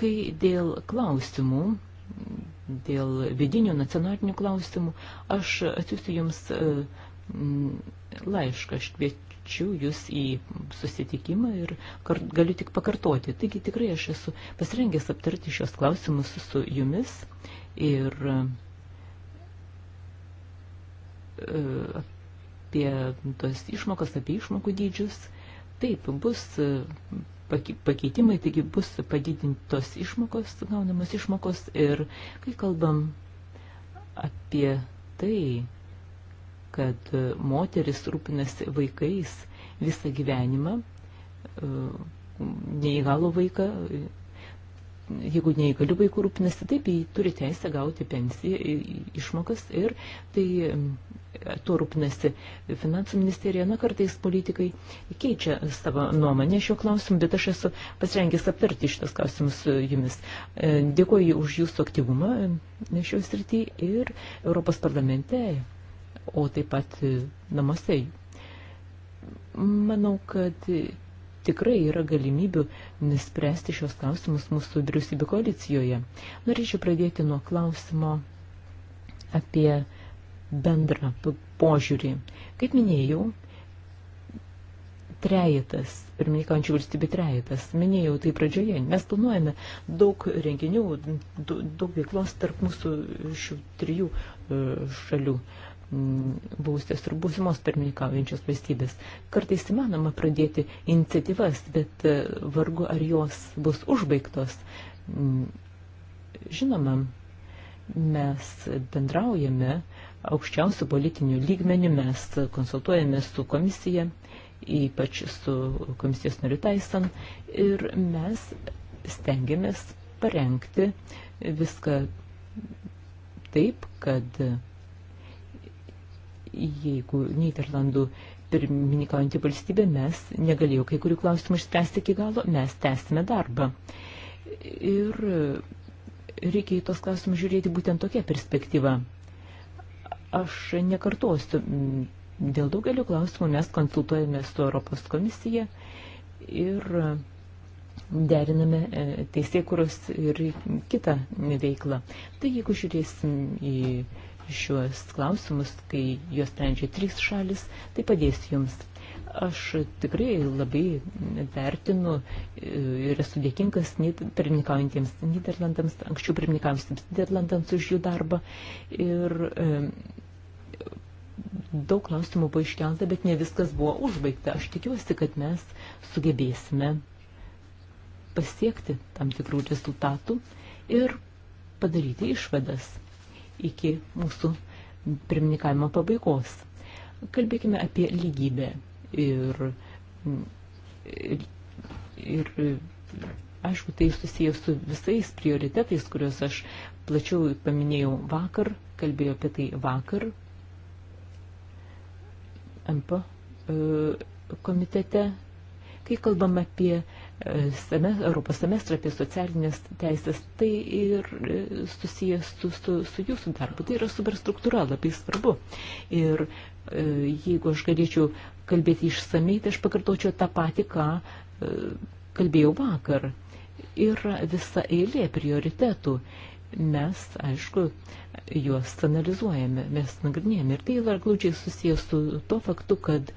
[SPEAKER 1] Kai dėl klausimų dėl vidinių nacionalinių klausimų, aš atsiųsiu jums e, laišką, aš kviečiu jūs į susitikimą ir kar, galiu tik pakartoti. Taigi tikrai aš esu pasirengęs aptarti šios klausimus su jumis ir e, apie tos išmokas, apie išmokų dydžius Taip, bus e, pakeitimai, taigi bus padidintos išmokos, gaunamos išmokos ir kai kalbam apie tai, kad e, moteris rūpinasi vaikais visą gyvenimą, e, neįgalo vaiką, jeigu neįgalių vaikų rūpinasi, taip, jie turi teisę gauti pensiją, išmokas ir tai tuo rūpinasi finansų ministerija. Na, kartais politikai keičia savo nuomonę šiuo klausimu, bet aš esu pasirengęs aptarti šitas klausimus su jumis. E, Dėkuoju už jūsų aktyvumą e, šioje srityje ir Europos parlamente, o taip pat e, namuose. Manau, kad tikrai yra galimybių spręsti šios klausimus mūsų vyriausybė koalicijoje. Norėčiau pradėti nuo klausimo apie bendrą požiūrį. Kaip minėjau, trejetas, pirmininkančių valstybių trejetas, minėjau tai pradžioje, mes planuojame daug renginių, daug veiklos tarp mūsų šių trijų e, šalių. Mm, būstės ir būsimos pirmininkaujančios valstybės. Kartais įmanoma pradėti iniciatyvas, bet e, vargu ar jos bus užbaigtos. Mm, žinoma, mes bendraujame aukščiausių politinių lygmenių, mes konsultuojame su komisija, ypač su komisijos nariu Taisan, ir mes stengiamės parengti viską taip, kad jeigu Niderlandų pirmininkaujantį valstybę mes negalėjau kai kurių klausimų išspręsti iki galo, mes tęsime darbą. Ir reikia į tos klausimus žiūrėti būtent tokia perspektyva. Aš nekartosiu, dėl daugelio klausimų mes konsultuojame su Europos komisija ir deriname e, teisėkuros ir kitą veiklą. Tai jeigu žiūrėsim į šiuos klausimus, kai juos sprendžia trys šalis, tai padės jums. Aš tikrai labai vertinu ir esu dėkingas pirmininkaujantiems Niderlandams, anksčiau pirmininkaujantiems Niderlandams už jų darbą. Ir e, daug klausimų buvo iškelta, bet ne viskas buvo užbaigta. Aš tikiuosi, kad mes sugebėsime pasiekti tam tikrų rezultatų ir padaryti išvadas iki mūsų pirmininkavimo pabaigos. Kalbėkime apie lygybę ir, ir, ir aišku, tai susijęs su visais prioritetais, kuriuos aš plačiau paminėjau vakar, kalbėjau apie tai vakar MP e, komitete, kai kalbam apie Europos semestrą, apie socialinės teisės, tai ir e, susijęs su, su, su jūsų darbu. Tai yra superstruktūra, labai svarbu. Ir e, jeigu aš galėčiau kalbėti išsamei, tai aš pakartočiau tą patį, ką e, kalbėjau vakar. Yra visa eilė prioritetų. Mes, aišku, juos analizuojame, mes nagrinėjame. Ir tai yra glaudžiai susijęs su tuo faktu, kad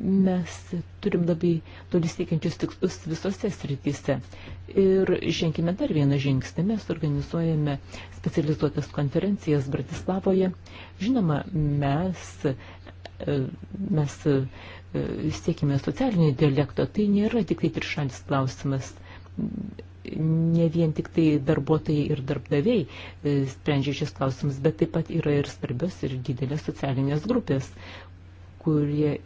[SPEAKER 1] mes turim labai toli siekiančius tikslus visose srityse. Ir ženkime dar vieną žingsnį. Mes organizuojame specializuotas konferencijas Bratislavoje. Žinoma, mes, e, mes e, siekime socialinio dialekto. Tai nėra tik tai trišalis klausimas ne vien tik tai darbuotojai ir darbdaviai e, sprendžia šis klausimus, bet taip pat yra ir svarbios ir didelės socialinės grupės, kurie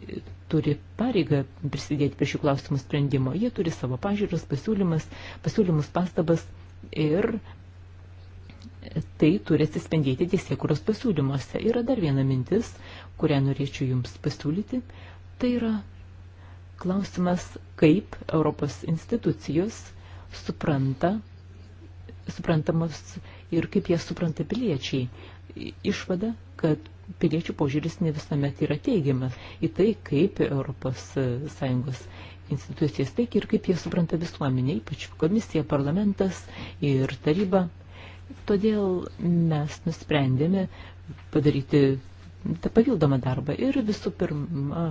[SPEAKER 1] turi pareigą prisidėti prie šių klausimų sprendimo. Jie turi savo pažiūros, pasiūlymus, pasiūlymus pastabas ir tai turi atsispendėti teisėkuros pasiūlymuose. Yra dar viena mintis, kurią norėčiau Jums pasiūlyti. Tai yra klausimas, kaip Europos institucijos supranta, suprantamos ir kaip jas supranta piliečiai. Išvada, kad piliečių požiūris ne visuomet yra teigiamas į tai, kaip ES institucijas teikia ir kaip jie supranta visuomenė, ypač komisija, parlamentas ir taryba. Todėl mes nusprendėme padaryti tą papildomą darbą ir visų pirma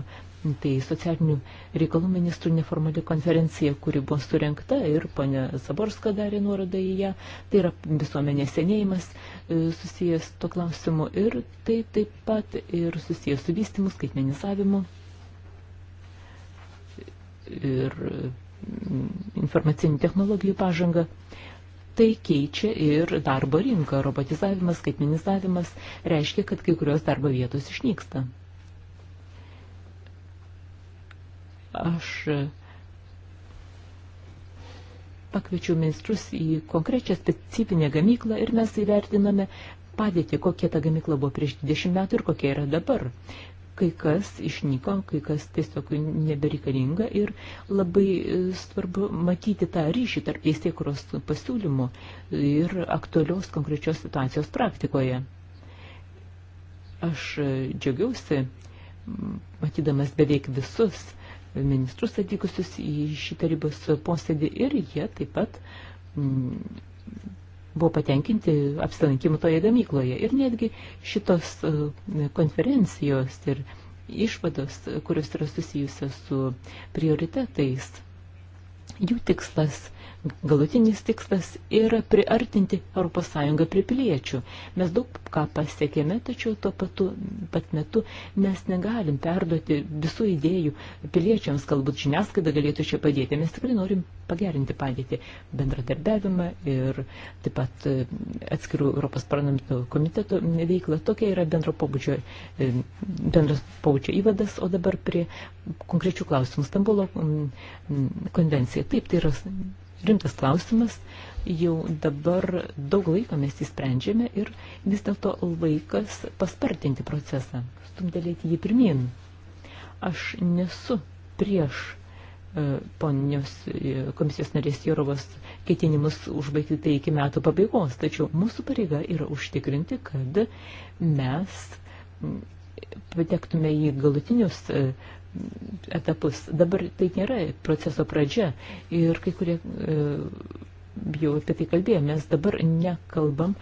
[SPEAKER 1] tai socialinių reikalų ministrų neformali konferencija, kuri buvo surinkta ir ponė Zaborska darė nuorodą į ją, tai yra visuomenės senėjimas e, susijęs to klausimu ir tai taip pat ir susijęs su vystimu, skaitmenizavimu ir mm, informacinių technologijų pažanga tai keičia ir darbo rinką. Robotizavimas, skaitmenizavimas reiškia, kad kai kurios darbo vietos išnyksta. Aš e, pakviečiau ministrus į konkrečią specifinę gamyklą ir mes įvertiname padėtį, kokia ta gamykla buvo prieš 20 metų ir kokia yra dabar. Kai kas išnyko, kai kas tiesiog nebereikalinga ir labai e, svarbu matyti tą ryšį tarp teisėkuros pasiūlymų ir aktualios konkrečios situacijos praktikoje. Aš e, džiaugiausi, matydamas beveik visus ministrus atvykusius į šį tarybos posėdį ir jie taip pat m, mm, buvo patenkinti apsilankimu toje gamykloje. Ir netgi šitos e, konferencijos ir išvados, kurios yra susijusios su prioritetais, jų tikslas – galutinis tikslas yra priartinti ES prie piliečių. Mes daug ką pasiekėme, tačiau tuo patu, pat metu mes negalim perduoti visų idėjų piliečiams, galbūt žiniasklaida galėtų čia padėti. Mes tikrai norim pagerinti padėtį bendradarbiavimą ir taip pat e, atskirų Europos parlamento komiteto veiklą. Tokia yra bendro pobūdžio, e, bendras pobūdžio įvadas, o dabar prie konkrečių klausimų. Stambulo konvencija. Taip, tai yra rimtas klausimas, jau dabar daug laiko mes jį sprendžiame ir vis dėlto laikas paspartinti procesą, stumdėlėti jį pirmin. Aš nesu prieš e, ponios e, komisijos narės Jorovos ketinimus užbaigti tai iki metų pabaigos, tačiau mūsų pareiga yra užtikrinti, kad mes patektume į galutinius e, etapus. Dabar tai nėra proceso pradžia ir kai kurie e, jau apie tai kalbėjo, mes dabar nekalbam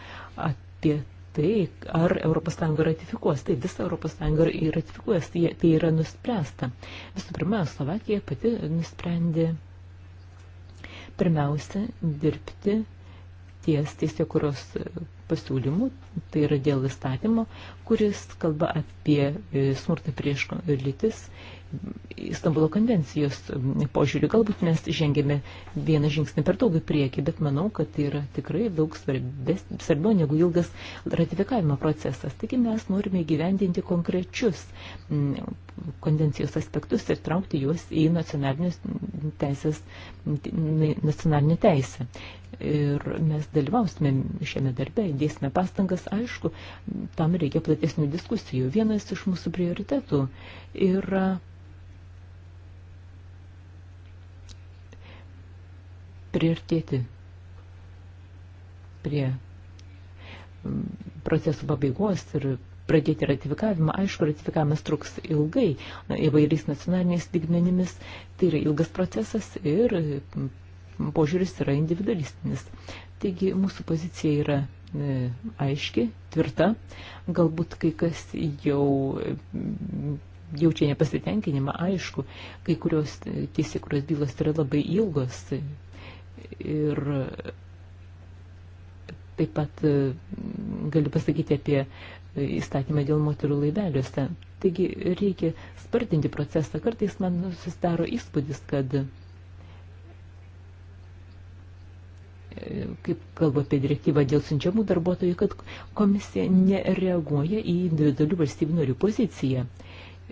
[SPEAKER 1] apie tai, ar ES ratifikuos. Tai visą ES ratifikuos, tai, tai yra nuspręsta. Visų pirma, Slovakija pati nusprendė pirmiausia dirbti ties teisėkuros pasiūlymų, tai yra dėl įstatymo, kuris kalba apie smurtą prieš lytis Istanbulo konvencijos požiūrį. Galbūt mes žengėme vieną žingsnį per daug į priekį, bet manau, kad tai yra tikrai daug svarbiau negu ilgas ratifikavimo procesas. Taigi mes norime įgyvendinti konkrečius mm, konvencijos aspektus ir traukti juos į teisės, nacionalinę teisę. Ir mes dalyvausime šiame darbe, dėsime pastangas, aišku, tam reikia platesnių diskusijų. Vienas iš mūsų prioritetų yra priartėti prie proceso pabaigos ir pradėti ratifikavimą. Aišku, ratifikavimas truks ilgai įvairiais nacionaliniais lygmenimis, tai yra ilgas procesas ir požiūris yra individualistinis. Taigi mūsų pozicija yra e, aiški, tvirta, galbūt kai kas jau jaučia nepasitenkinimą, aišku, kai kurios e, teisėkuros bylos yra labai ilgos, ir taip pat e, galiu pasakyti apie įstatymą dėl moterų laiveliuose. Taigi reikia spartinti procesą. Kartais man susidaro įspūdis, kad e, kaip kalba apie direktyvą dėl siunčiamų darbuotojų, kad komisija nereaguoja į individualių valstybių narių poziciją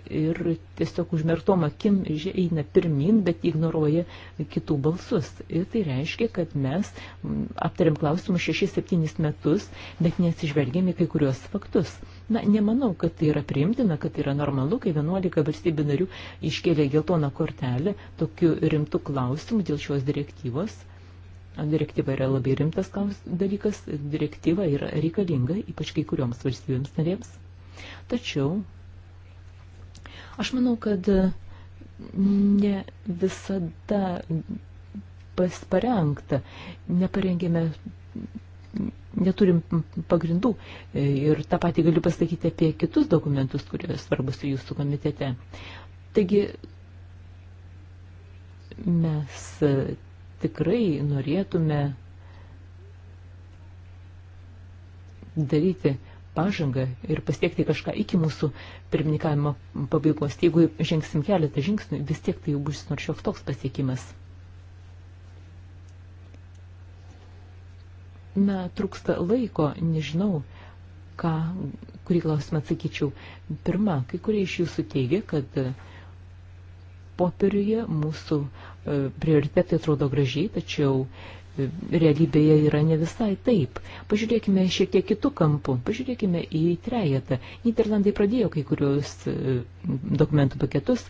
[SPEAKER 1] ir tiesiog užmerktom akim eina pirmin, bet ignoruoja kitų balsus. Ir tai reiškia, kad mes aptariam klausimus 6-7 metus, bet neatsižvelgėme kai kuriuos faktus. Na, nemanau, kad tai yra priimtina, kad tai yra normalu, kai 11 valstybių narių iškėlė geltoną kortelę tokiu rimtu klausimu dėl šios direktyvos. Direktyva yra labai rimtas dalykas, direktyva yra reikalinga, ypač kai kurioms valstybėms narėms. Tačiau Aš manau, kad ne visada pasparengta, neparengėme, neturim pagrindų. Ir tą patį galiu pasakyti apie kitus dokumentus, kurie svarbus ir jūsų komitete. Taigi, mes tikrai norėtume daryti pažangą ir pasiekti kažką iki mūsų pirmininkavimo pabaigos. Jeigu žengsim keletą žingsnių, vis tiek tai jau bus nors šioks toks pasiekimas. Na, trūksta laiko, nežinau, ką, kurį klausimą atsakyčiau. Pirma, kai kurie iš jūsų teigia, kad e, popieriuje mūsų e, prioritetai atrodo gražiai, tačiau e, realybėje yra ne visai taip. Pažiūrėkime šiek tiek kitų kampų, pažiūrėkime į trejetą. Niderlandai pradėjo kai kurios e, dokumentų paketus,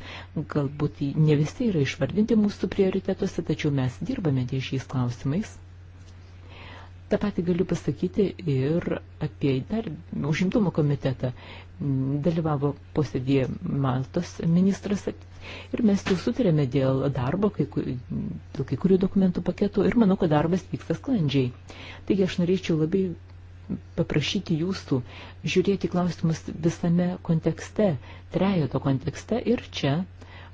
[SPEAKER 1] galbūt ne visi yra išvardinti mūsų prioritetuose, tačiau mes dirbame ties šiais klausimais. Ta pati galiu pasakyti ir apie dar užimtumo komitetą. Dalyvavo posėdėje Maltos ministras ir mes jau sutarėme dėl darbo, kai, dėl kai kurių dokumentų paketų ir manau, kad darbas vyksta sklandžiai. Taigi aš norėčiau labai paprašyti jūsų žiūrėti klausimus visame kontekste, trejoto kontekste ir čia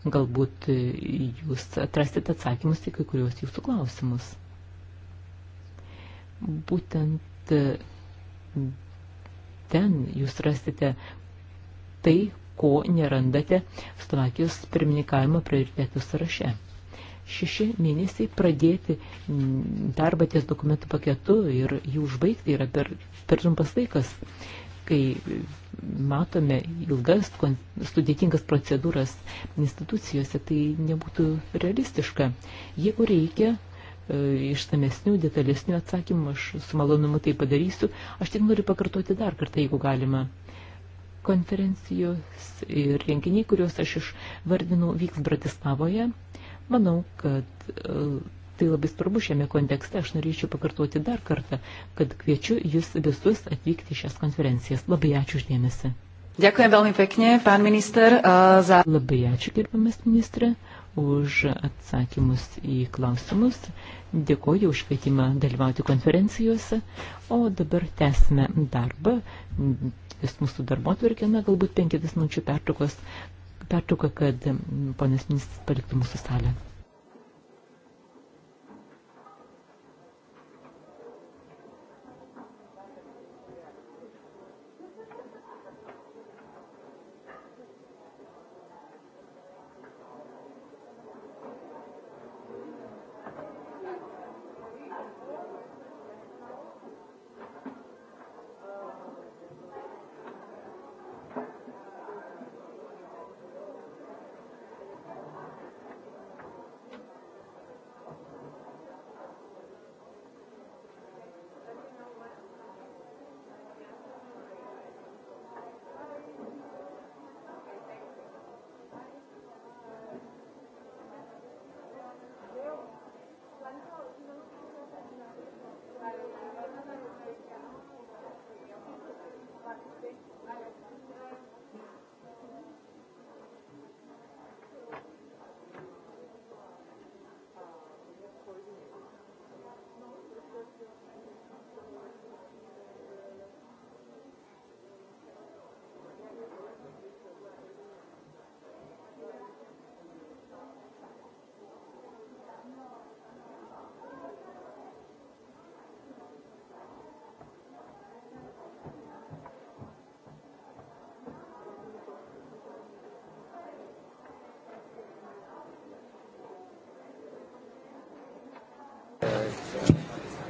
[SPEAKER 1] galbūt jūs atrasite atsakymus į kai kuriuos jūsų klausimus būtent e, ten jūs rasite tai, ko nerandate Slovakijos pirmininkavimo prioritetų sąraše. Šeši mėnesiai pradėti darbą ties dokumentų paketu ir jų užbaigti yra per, per trumpas laikas, kai matome ilgas, sudėtingas procedūras institucijose, tai nebūtų realistiška. Jeigu reikia, E, išsamesnių, detalesnių atsakymų, aš su malonumu tai padarysiu. Aš tik noriu pakartoti dar kartą, jeigu galima. Konferencijos ir renginiai, kuriuos aš išvardinau, vyks Bratislavoje. Manau, kad e, tai labai svarbu šiame kontekste. Aš norėčiau pakartoti dar kartą, kad kviečiu jūs visus atvykti į šias konferencijas. Labai ačiū uždėmesi. Dėkuoju vėlmi pekni, pan minister, uh, za... Labai ačiū, gerbamas ministrė. Uh, už atsakymus į klausimus. Dėkoju už kvietimą dalyvauti konferencijose. O dabar tęsime darbą. Vis mūsų darbo atvirkėme, galbūt penkias minučių pertraukos, pertrauką, kad ponas ministras paliktų mūsų salę.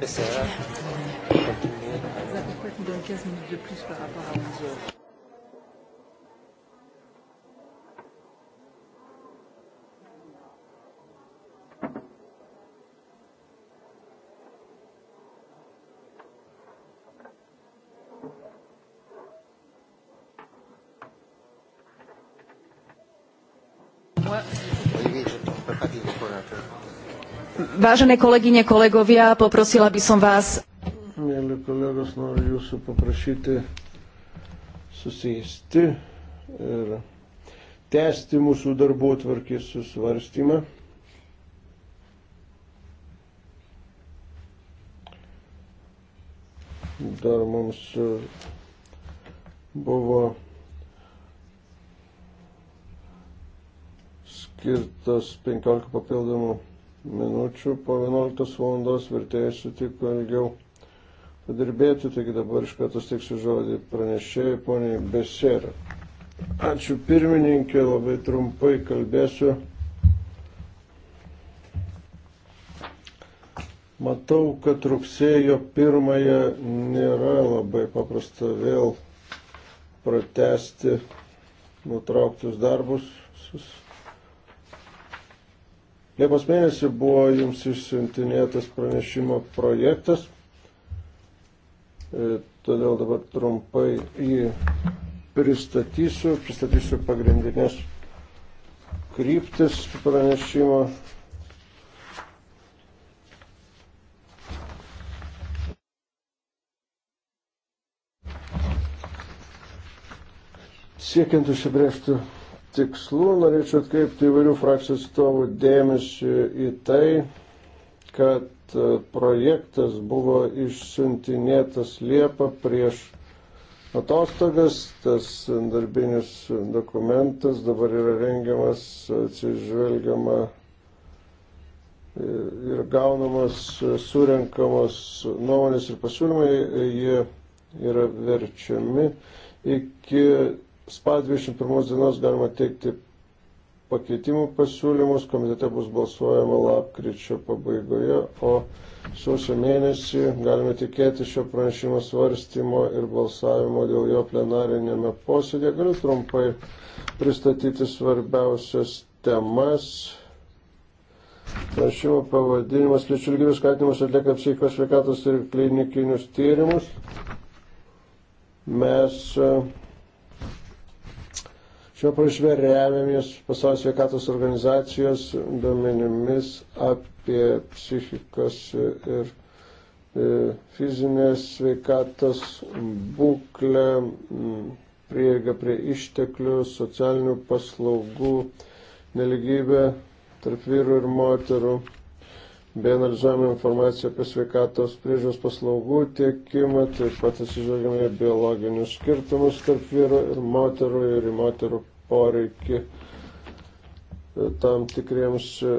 [SPEAKER 2] que ça va continuer. On a à peu près 15 minutes de plus par rapport à 11 heures.
[SPEAKER 1] Vážené kolegyne, kolegovia, poprosila by som vás.
[SPEAKER 3] Mėly kolegos, noriu jūsų paprašyti susėsti ir er, tęsti mūsų darbo tvarkės susvarstymą. Dar mums buvo skirtos 15 papildomų minučių, po 11 valandos vertėjai sutiko ilgiau padirbėti, taigi dabar iš karto stiksiu žodį pranešėjai, poniai Besera. Ačiū pirmininkė, labai trumpai kalbėsiu. Matau, kad rugsėjo pirmąją nėra labai paprasta vėl pratesti nutrauktus darbus, Liepos mėnesį buvo jums išsiuntinėtas pranešimo projektas, e, todėl dabar trumpai jį pristatysiu, pristatysiu pagrindinės kryptis pranešimo. Siekiant užsibrėžti tikslų norėčiau atkreipti įvairių frakcijų atstovų dėmesį į tai, kad e, projektas buvo išsiuntinėtas Liepą prieš atostogas, tas darbinis dokumentas dabar yra rengiamas, atsižvelgiama e, ir gaunamas, e, surenkamos nuomonės ir pasiūlymai, jie yra verčiami iki Spa 21 dienos galima teikti pakeitimų pasiūlymus, komitete bus balsuojama lapkričio pabaigoje, o sausio mėnesį galime tikėti šio pranešimo svarstymo ir balsavimo dėl jo plenarinėme posėdėje. Galiu trumpai pristatyti svarbiausias temas. Pranešimo pavadinimas lyčių lygybės skatinimas atlieka psichikos sveikatos ir klinikinius tyrimus. Mes uh, Šio prašymė remiamės pasaulio sveikatos organizacijos duomenimis apie psichikos ir e, fizinės sveikatos būklę, prieigą prie išteklių, socialinių paslaugų, neligybę tarp vyrų ir moterų, bei analizuojame informaciją apie sveikatos priežiūros paslaugų tiekimą, taip pat atsižvelgiame į biologinius skirtumus tarp vyro ir moterų ir į moterų poreikį e, tam tikriems e,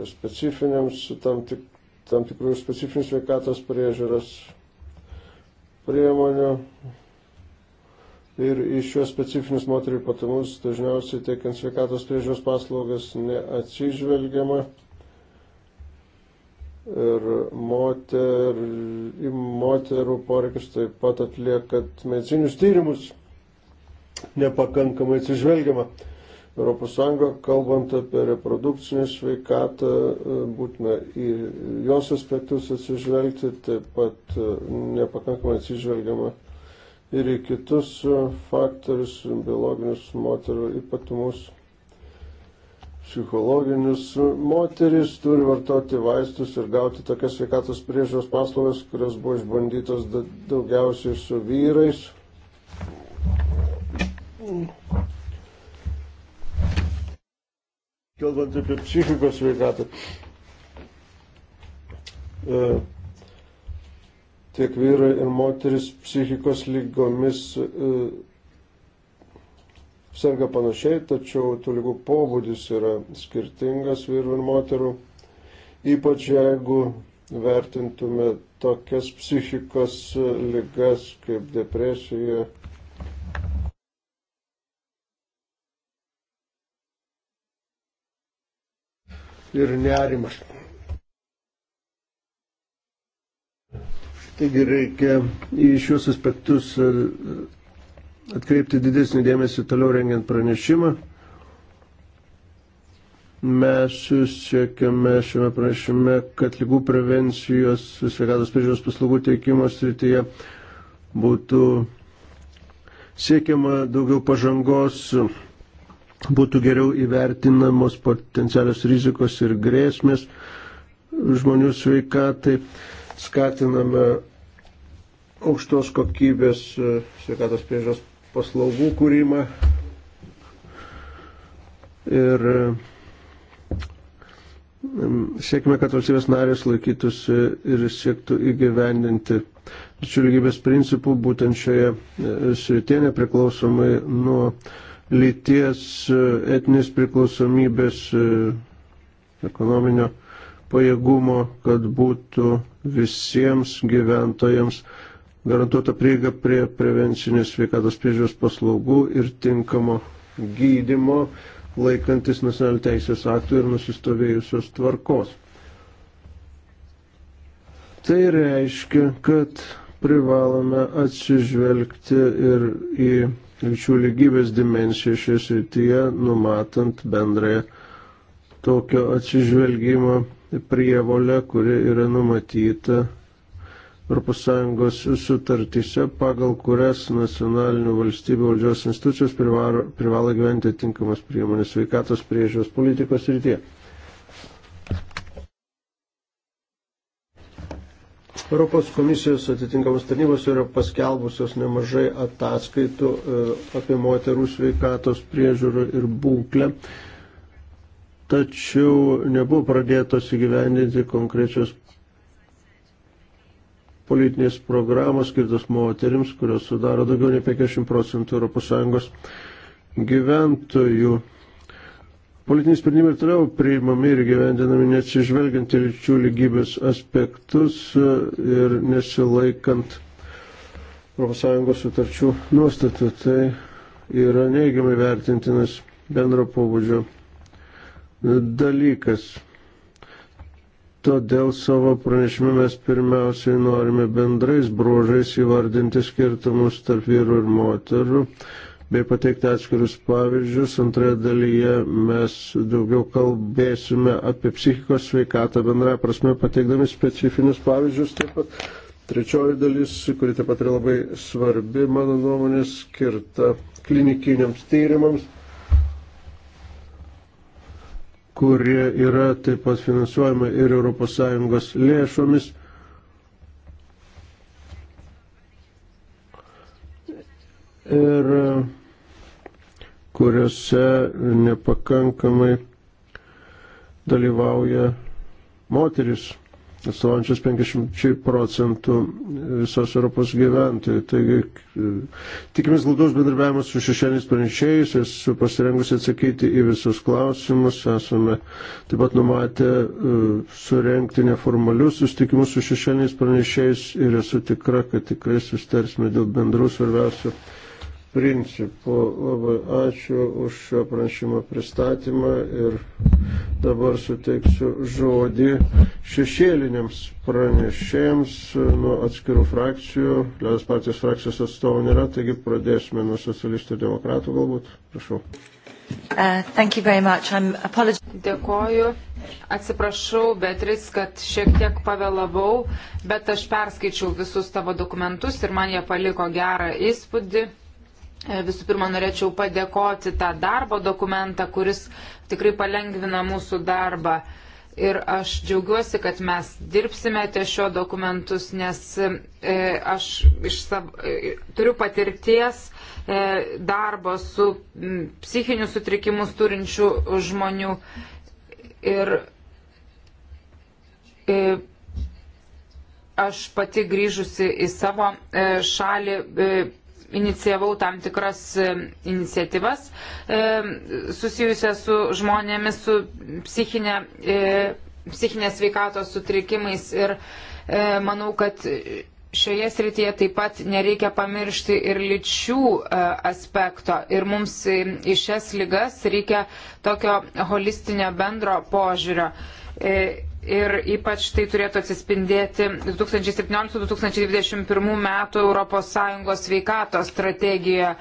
[SPEAKER 3] e, specifiniams, tam, tik, tam tikrų specifinių sveikatos priežiūros priemonių. Ir į šiuos specifinius moterių ypatumus dažniausiai teikiant sveikatos priežiūros paslaugas neatsižvelgiama ir moter, moterų poreikius taip pat atliekat medicinius tyrimus nepakankamai atsižvelgiama. ES, kalbant apie reprodukcinį sveikatą, e, būtina į jos aspektus atsižvelgti, taip pat e, nepakankamai atsižvelgiama ir į kitus faktorius, biologinius moterų ypatumus psichologinius. Moteris turi vartoti vaistus ir gauti tokias sveikatos priežiūros paslaugas, kurios buvo išbandytos daugiausiai su vyrais. Kalbant apie psichikos sveikatą, e, tiek vyrai ir moteris psichikos lygomis e, serga panašiai, tačiau tų lygų pobūdis yra skirtingas vyrų ir moterų. Ypač jeigu vertintume tokias psichikos lygas kaip depresija. Ir nerimas. Taigi reikia į šios aspektus atkreipti didesnį dėmesį toliau rengiant pranešimą. Mes siekiame šiame pranešime, kad lygų prevencijos sveikatos priežiūros paslaugų teikimo srityje būtų siekiama daugiau pažangos, būtų geriau įvertinamos potencialios rizikos ir grėsmės žmonių sveikatai, skatiname aukštos kokybės e, sveikatos priežiūros paslaugų kūrimą ir siekime, kad valstybės narės laikytųsi ir siektų įgyvendinti lyčių lygybės principų būtent šioje e, srityje nepriklausomai nuo lyties, e, etnės priklausomybės, e, ekonominio pajėgumo, kad būtų visiems gyventojams garantuota prieiga prie prevencinės sveikatos priežiūros paslaugų ir tinkamo gydimo laikantis nacionalinių teisės aktų ir nusistovėjusios tvarkos. Tai reiškia, kad privalome atsižvelgti ir į lyčių lygybės dimensiją šioje srityje, numatant bendrąją tokio atsižvelgimo prievolę, kuri yra numatyta ES sutartyse, pagal kurias nacionalinių valstybių valdžios institucijos privaro, privalo gyventi tinkamas priemonės sveikatos priežiūros politikos rytie. Europos komisijos atitinkamos tarnybos yra paskelbusios nemažai ataskaitų e, apie moterų sveikatos priežiūrą ir būklę tačiau nebuvo pradėtos įgyvendinti konkrečios politinės programos skirtos moterims, kurios sudaro daugiau nei 50 procentų ES gyventojų. Politiniai sprendimai ir toliau priimami ir gyvendinami neatsižvelgiant į lyčių lygybės aspektus ir nesilaikant ES sutarčių nuostatų. Tai yra neigiamai vertintinas bendro pobūdžio dalykas. Todėl savo pranešime mes pirmiausiai norime bendrais bruožais įvardinti skirtumus tarp vyrų ir moterų, bei pateikti atskirius pavyzdžius. Antroje dalyje mes daugiau kalbėsime apie psichikos sveikatą bendrąją prasme, pateikdami specifinius pavyzdžius taip pat. Trečioji dalis, kuri taip pat yra labai svarbi, mano nuomonė, skirta klinikiniams tyrimams kurie yra taip pat finansuojama ir ES lėšomis. Ir kuriuose nepakankamai dalyvauja moteris atstovaujančios 50 procentų visos Europos gyventojų. Taigi tikimės glaudaus bendarbiavimas su šešėliais pranešėjais, esu pasirengusi atsakyti į visus klausimus, esame taip pat numatę e, surenkti neformalius susitikimus su šešėliais pranešėjais ir esu tikra, kad tikrai sustarsime dėl bendrų svarbiausių principų. Labai ačiū už šio pranešimo pristatymą ir dabar suteiksiu žodį šešėliniams pranešėjams nuo atskirų frakcijų. Liaudės partijos frakcijos atstovų nėra, taigi pradėsime nuo socialistų ir demokratų galbūt. Prašau.
[SPEAKER 1] Uh,
[SPEAKER 4] Dėkoju. Atsiprašau, Betris, kad šiek tiek pavėlavau, bet aš perskaičiau visus tavo dokumentus ir man jie paliko gerą įspūdį. E, visų pirma, norėčiau padėkoti tą darbo dokumentą, kuris tikrai palengvina mūsų darbą. Ir aš džiaugiuosi, kad mes dirbsime ties šio dokumentus, nes e, aš sav, e, turiu patirties e, darbo su m, psichinių sutrikimus turinčių žmonių. Ir e, aš pati grįžusi į savo e, šalį. E, inicijavau tam tikras e, iniciatyvas e, susijusias su žmonėmis, su psichinė, e, psichinės veikatos sutrikimais ir manau, kad šioje srityje taip pat nereikia pamiršti ir lyčių aspekto. Ir mums į šias lygas reikia tokio holistinio bendro požiūrio. Ir ypač tai turėtų atsispindėti 2017-2021 metų ES sveikatos strategijoje.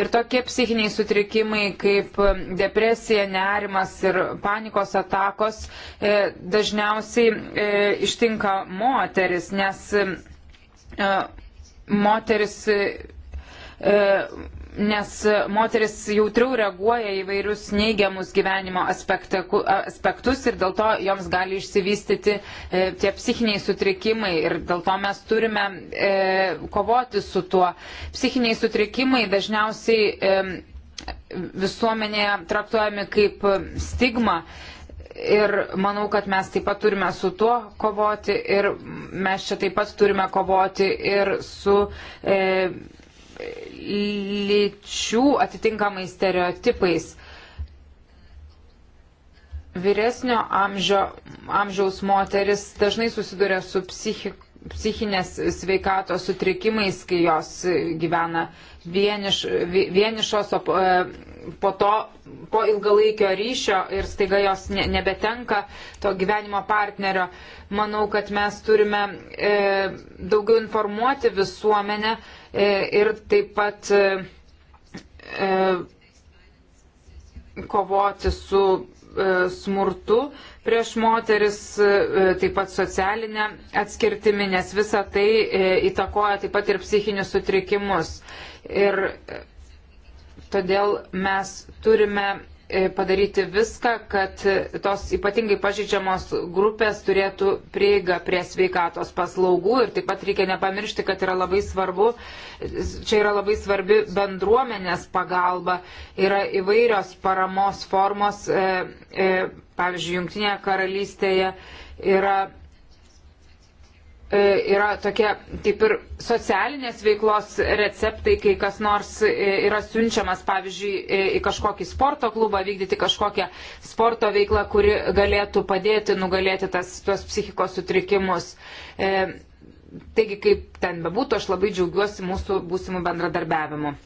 [SPEAKER 4] Ir tokie psichiniai sutrikimai kaip depresija, nerimas ir panikos atakos e, dažniausiai e, ištinka moteris, nes e, moteris. E, nes moteris jautriau reaguoja į vairius neigiamus gyvenimo aspektus ir dėl to joms gali išsivystyti e, tie psichiniai sutrikimai ir dėl to mes turime e, kovoti su tuo. Psichiniai sutrikimai dažniausiai e, visuomenėje traktuojami kaip stigma. Ir manau, kad mes taip pat turime su tuo kovoti ir mes čia taip pat turime kovoti ir su e, lyčių atitinkamais stereotipais. Vyresnio amžio, amžiaus moteris dažnai susiduria su psichikos psichinės sveikatos sutrikimais, kai jos gyvena vieniš, vienišos, o e, po to, po ilgalaikio ryšio ir staiga jos nebetenka to gyvenimo partnerio. Manau, kad mes turime e, daugiau informuoti visuomenę e, ir taip pat e, e kovoti su E, smurtu prieš moteris, e, taip pat socialinė atskirtimi, nes visa tai e, įtakoja taip pat ir psichinius sutrikimus. Ir todėl mes turime E, padaryti viską, kad tos ypatingai pažydžiamos grupės turėtų prieigą prie sveikatos paslaugų ir taip pat reikia nepamiršti, kad yra labai svarbu, čia yra labai svarbi bendruomenės pagalba, yra įvairios paramos formos, e, e, pavyzdžiui, Junktinėje karalystėje yra E, yra tokie kaip ir socialinės veiklos receptai, kai kas nors e, yra siunčiamas, pavyzdžiui, e, į kažkokį sporto klubą, vykdyti kažkokią sporto veiklą, kuri galėtų padėti nugalėti tas, tuos psichikos sutrikimus. E, taigi, kaip ten bebūtų, aš labai džiaugiuosi mūsų būsimų bendradarbiavimu.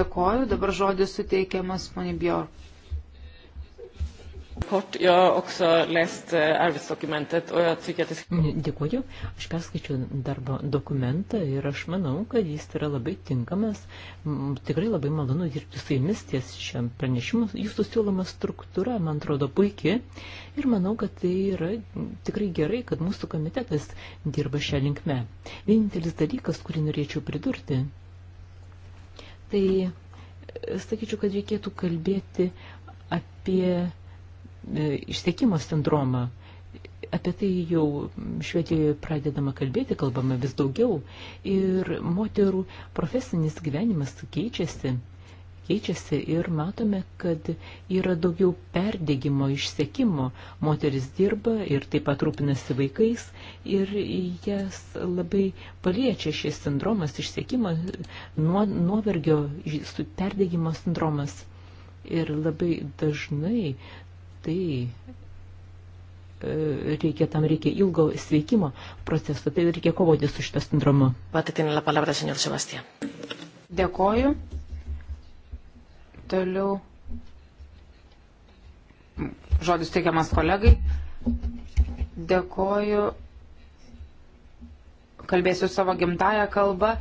[SPEAKER 4] Dėkoju, dabar žodis suteikiamas, ponė Bjork. Kort, jag också läst eh, arbetsdokumentet
[SPEAKER 1] och jag tycker att det... Mm, Dėkuoju, aš perskaičiau darbo dokumentą ir aš manau, kad jis yra labai tinkamas. Tikrai labai malonu dirbti su jumis ties šiam pranešimu. Jūsų siūloma struktūra, man atrodo, puikiai. Ir manau, kad tai yra tikrai gerai, kad mūsų komitetas dirba šią linkme. Vienintelis dalykas, kurį norėčiau pridurti, tai e, sakyčiau, kad reikėtų kalbėti apie E, išsekimo sindromą. Apie tai jau Švedijoje pradedama kalbėti, kalbama vis daugiau. Ir moterų profesinis gyvenimas keičiasi keičiasi ir matome, kad yra daugiau perdėgymo, išsekimo. Moteris dirba ir taip pat rūpinasi vaikais ir jas labai paliečia šis sindromas, išsekimo, nuo, nuovergio, perdėgymo sindromas. Ir labai dažnai tai e, reikia, tam reikia ilgo sveikimo proceso, tai reikia kovoti su šitą sindromu. Dėkoju. Toliau
[SPEAKER 4] žodis teikiamas kolegai. Dėkoju. Kalbėsiu savo gimtają kalbą.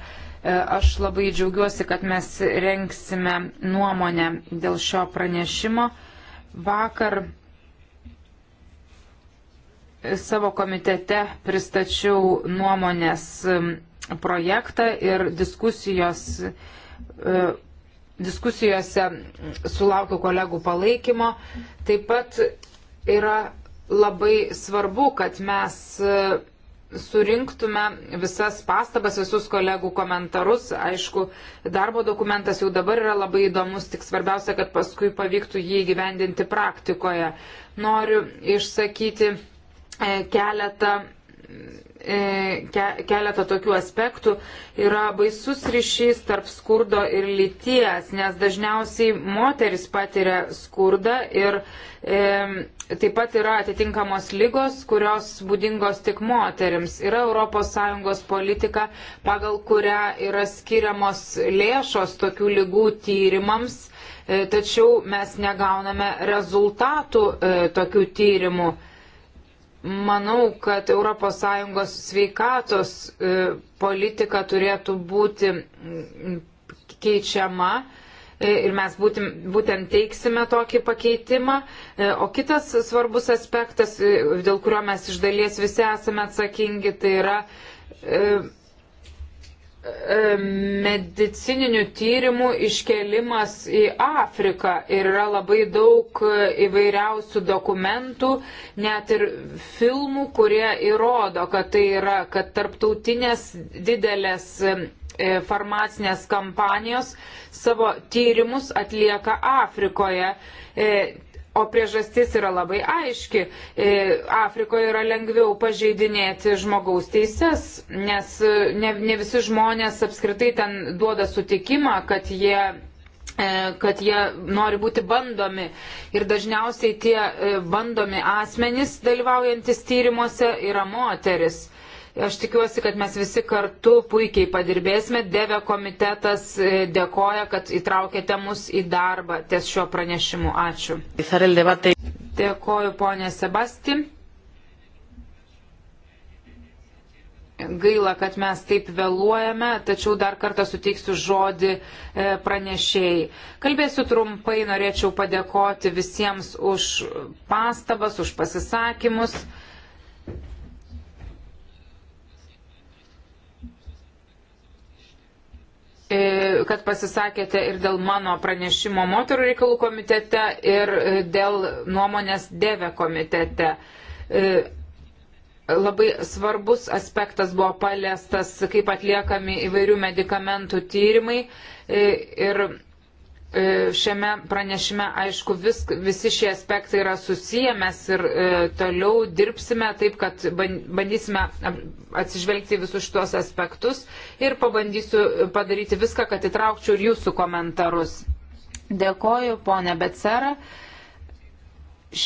[SPEAKER 4] E, aš labai džiaugiuosi, kad mes renksime nuomonę dėl šio pranešimo. Vakar savo komitete pristačiau nuomonės um, projektą ir diskusijos, uh, diskusijose sulaukiu kolegų palaikymo. Taip pat yra labai svarbu, kad mes uh, surinktume visas pastabas, visus kolegų komentarus. Aišku, darbo dokumentas jau dabar yra labai įdomus, tik svarbiausia, kad paskui pavyktų jį gyvendinti praktikoje. Noriu išsakyti e, keletą E, keletą tokių aspektų yra baisus ryšys tarp skurdo ir lyties, nes dažniausiai moteris patiria skurdą ir e, taip pat yra atitinkamos lygos, kurios būdingos tik moteriams. Yra ES politika, pagal kurią yra skiriamos lėšos tokių lygų tyrimams, e, tačiau mes negauname rezultatų e, tokių tyrimų. E, Manau, kad ES sveikatos e, politika turėtų būti keičiama e, ir mes būtim, būtent teiksime tokį pakeitimą. E, o kitas svarbus aspektas, dėl kurio mes iš dalies visi esame atsakingi, tai yra E, medicininių tyrimų iškelimas į Afriką ir yra labai daug e, įvairiausių dokumentų, net ir filmų, kurie įrodo, kad tai yra, kad tarptautinės didelės e, farmacinės kampanijos savo tyrimus atlieka Afrikoje. O priežastis yra labai aiški. E, Afrikoje yra lengviau pažeidinėti žmogaus teises, nes e, ne, ne visi žmonės apskritai ten duoda sutikimą, kad jie e, kad jie nori būti bandomi. Ir dažniausiai tie bandomi asmenys dalyvaujantis tyrimuose yra moteris. Aš tikiuosi, kad mes visi kartu puikiai padirbėsime. Deve komitetas e, dėkoja, kad įtraukėte mus į darbą ties šiuo pranešimu. Ačiū. Dėkoju, ponė Sebasti. Gaila, kad mes taip vėluojame, tačiau dar kartą suteiksiu žodį e, pranešėjai. Kalbėsiu trumpai, norėčiau padėkoti visiems už pastabas, už pasisakymus. kad pasisakėte ir dėl mano pranešimo moterų reikalų komitete ir e, dėl nuomonės dėvė komitete. E, labai svarbus aspektas buvo paliestas, kaip atliekami įvairių medikamentų tyrimai. E, ir E, šiame pranešime, aišku, vis, visi šie aspektai yra susiję, mes ir e, toliau dirbsime taip, kad bandysime atsižvelgti visus šitos aspektus ir pabandysiu padaryti viską, kad įtraukčiau ir jūsų komentarus. Dėkoju, ponė Becera. E,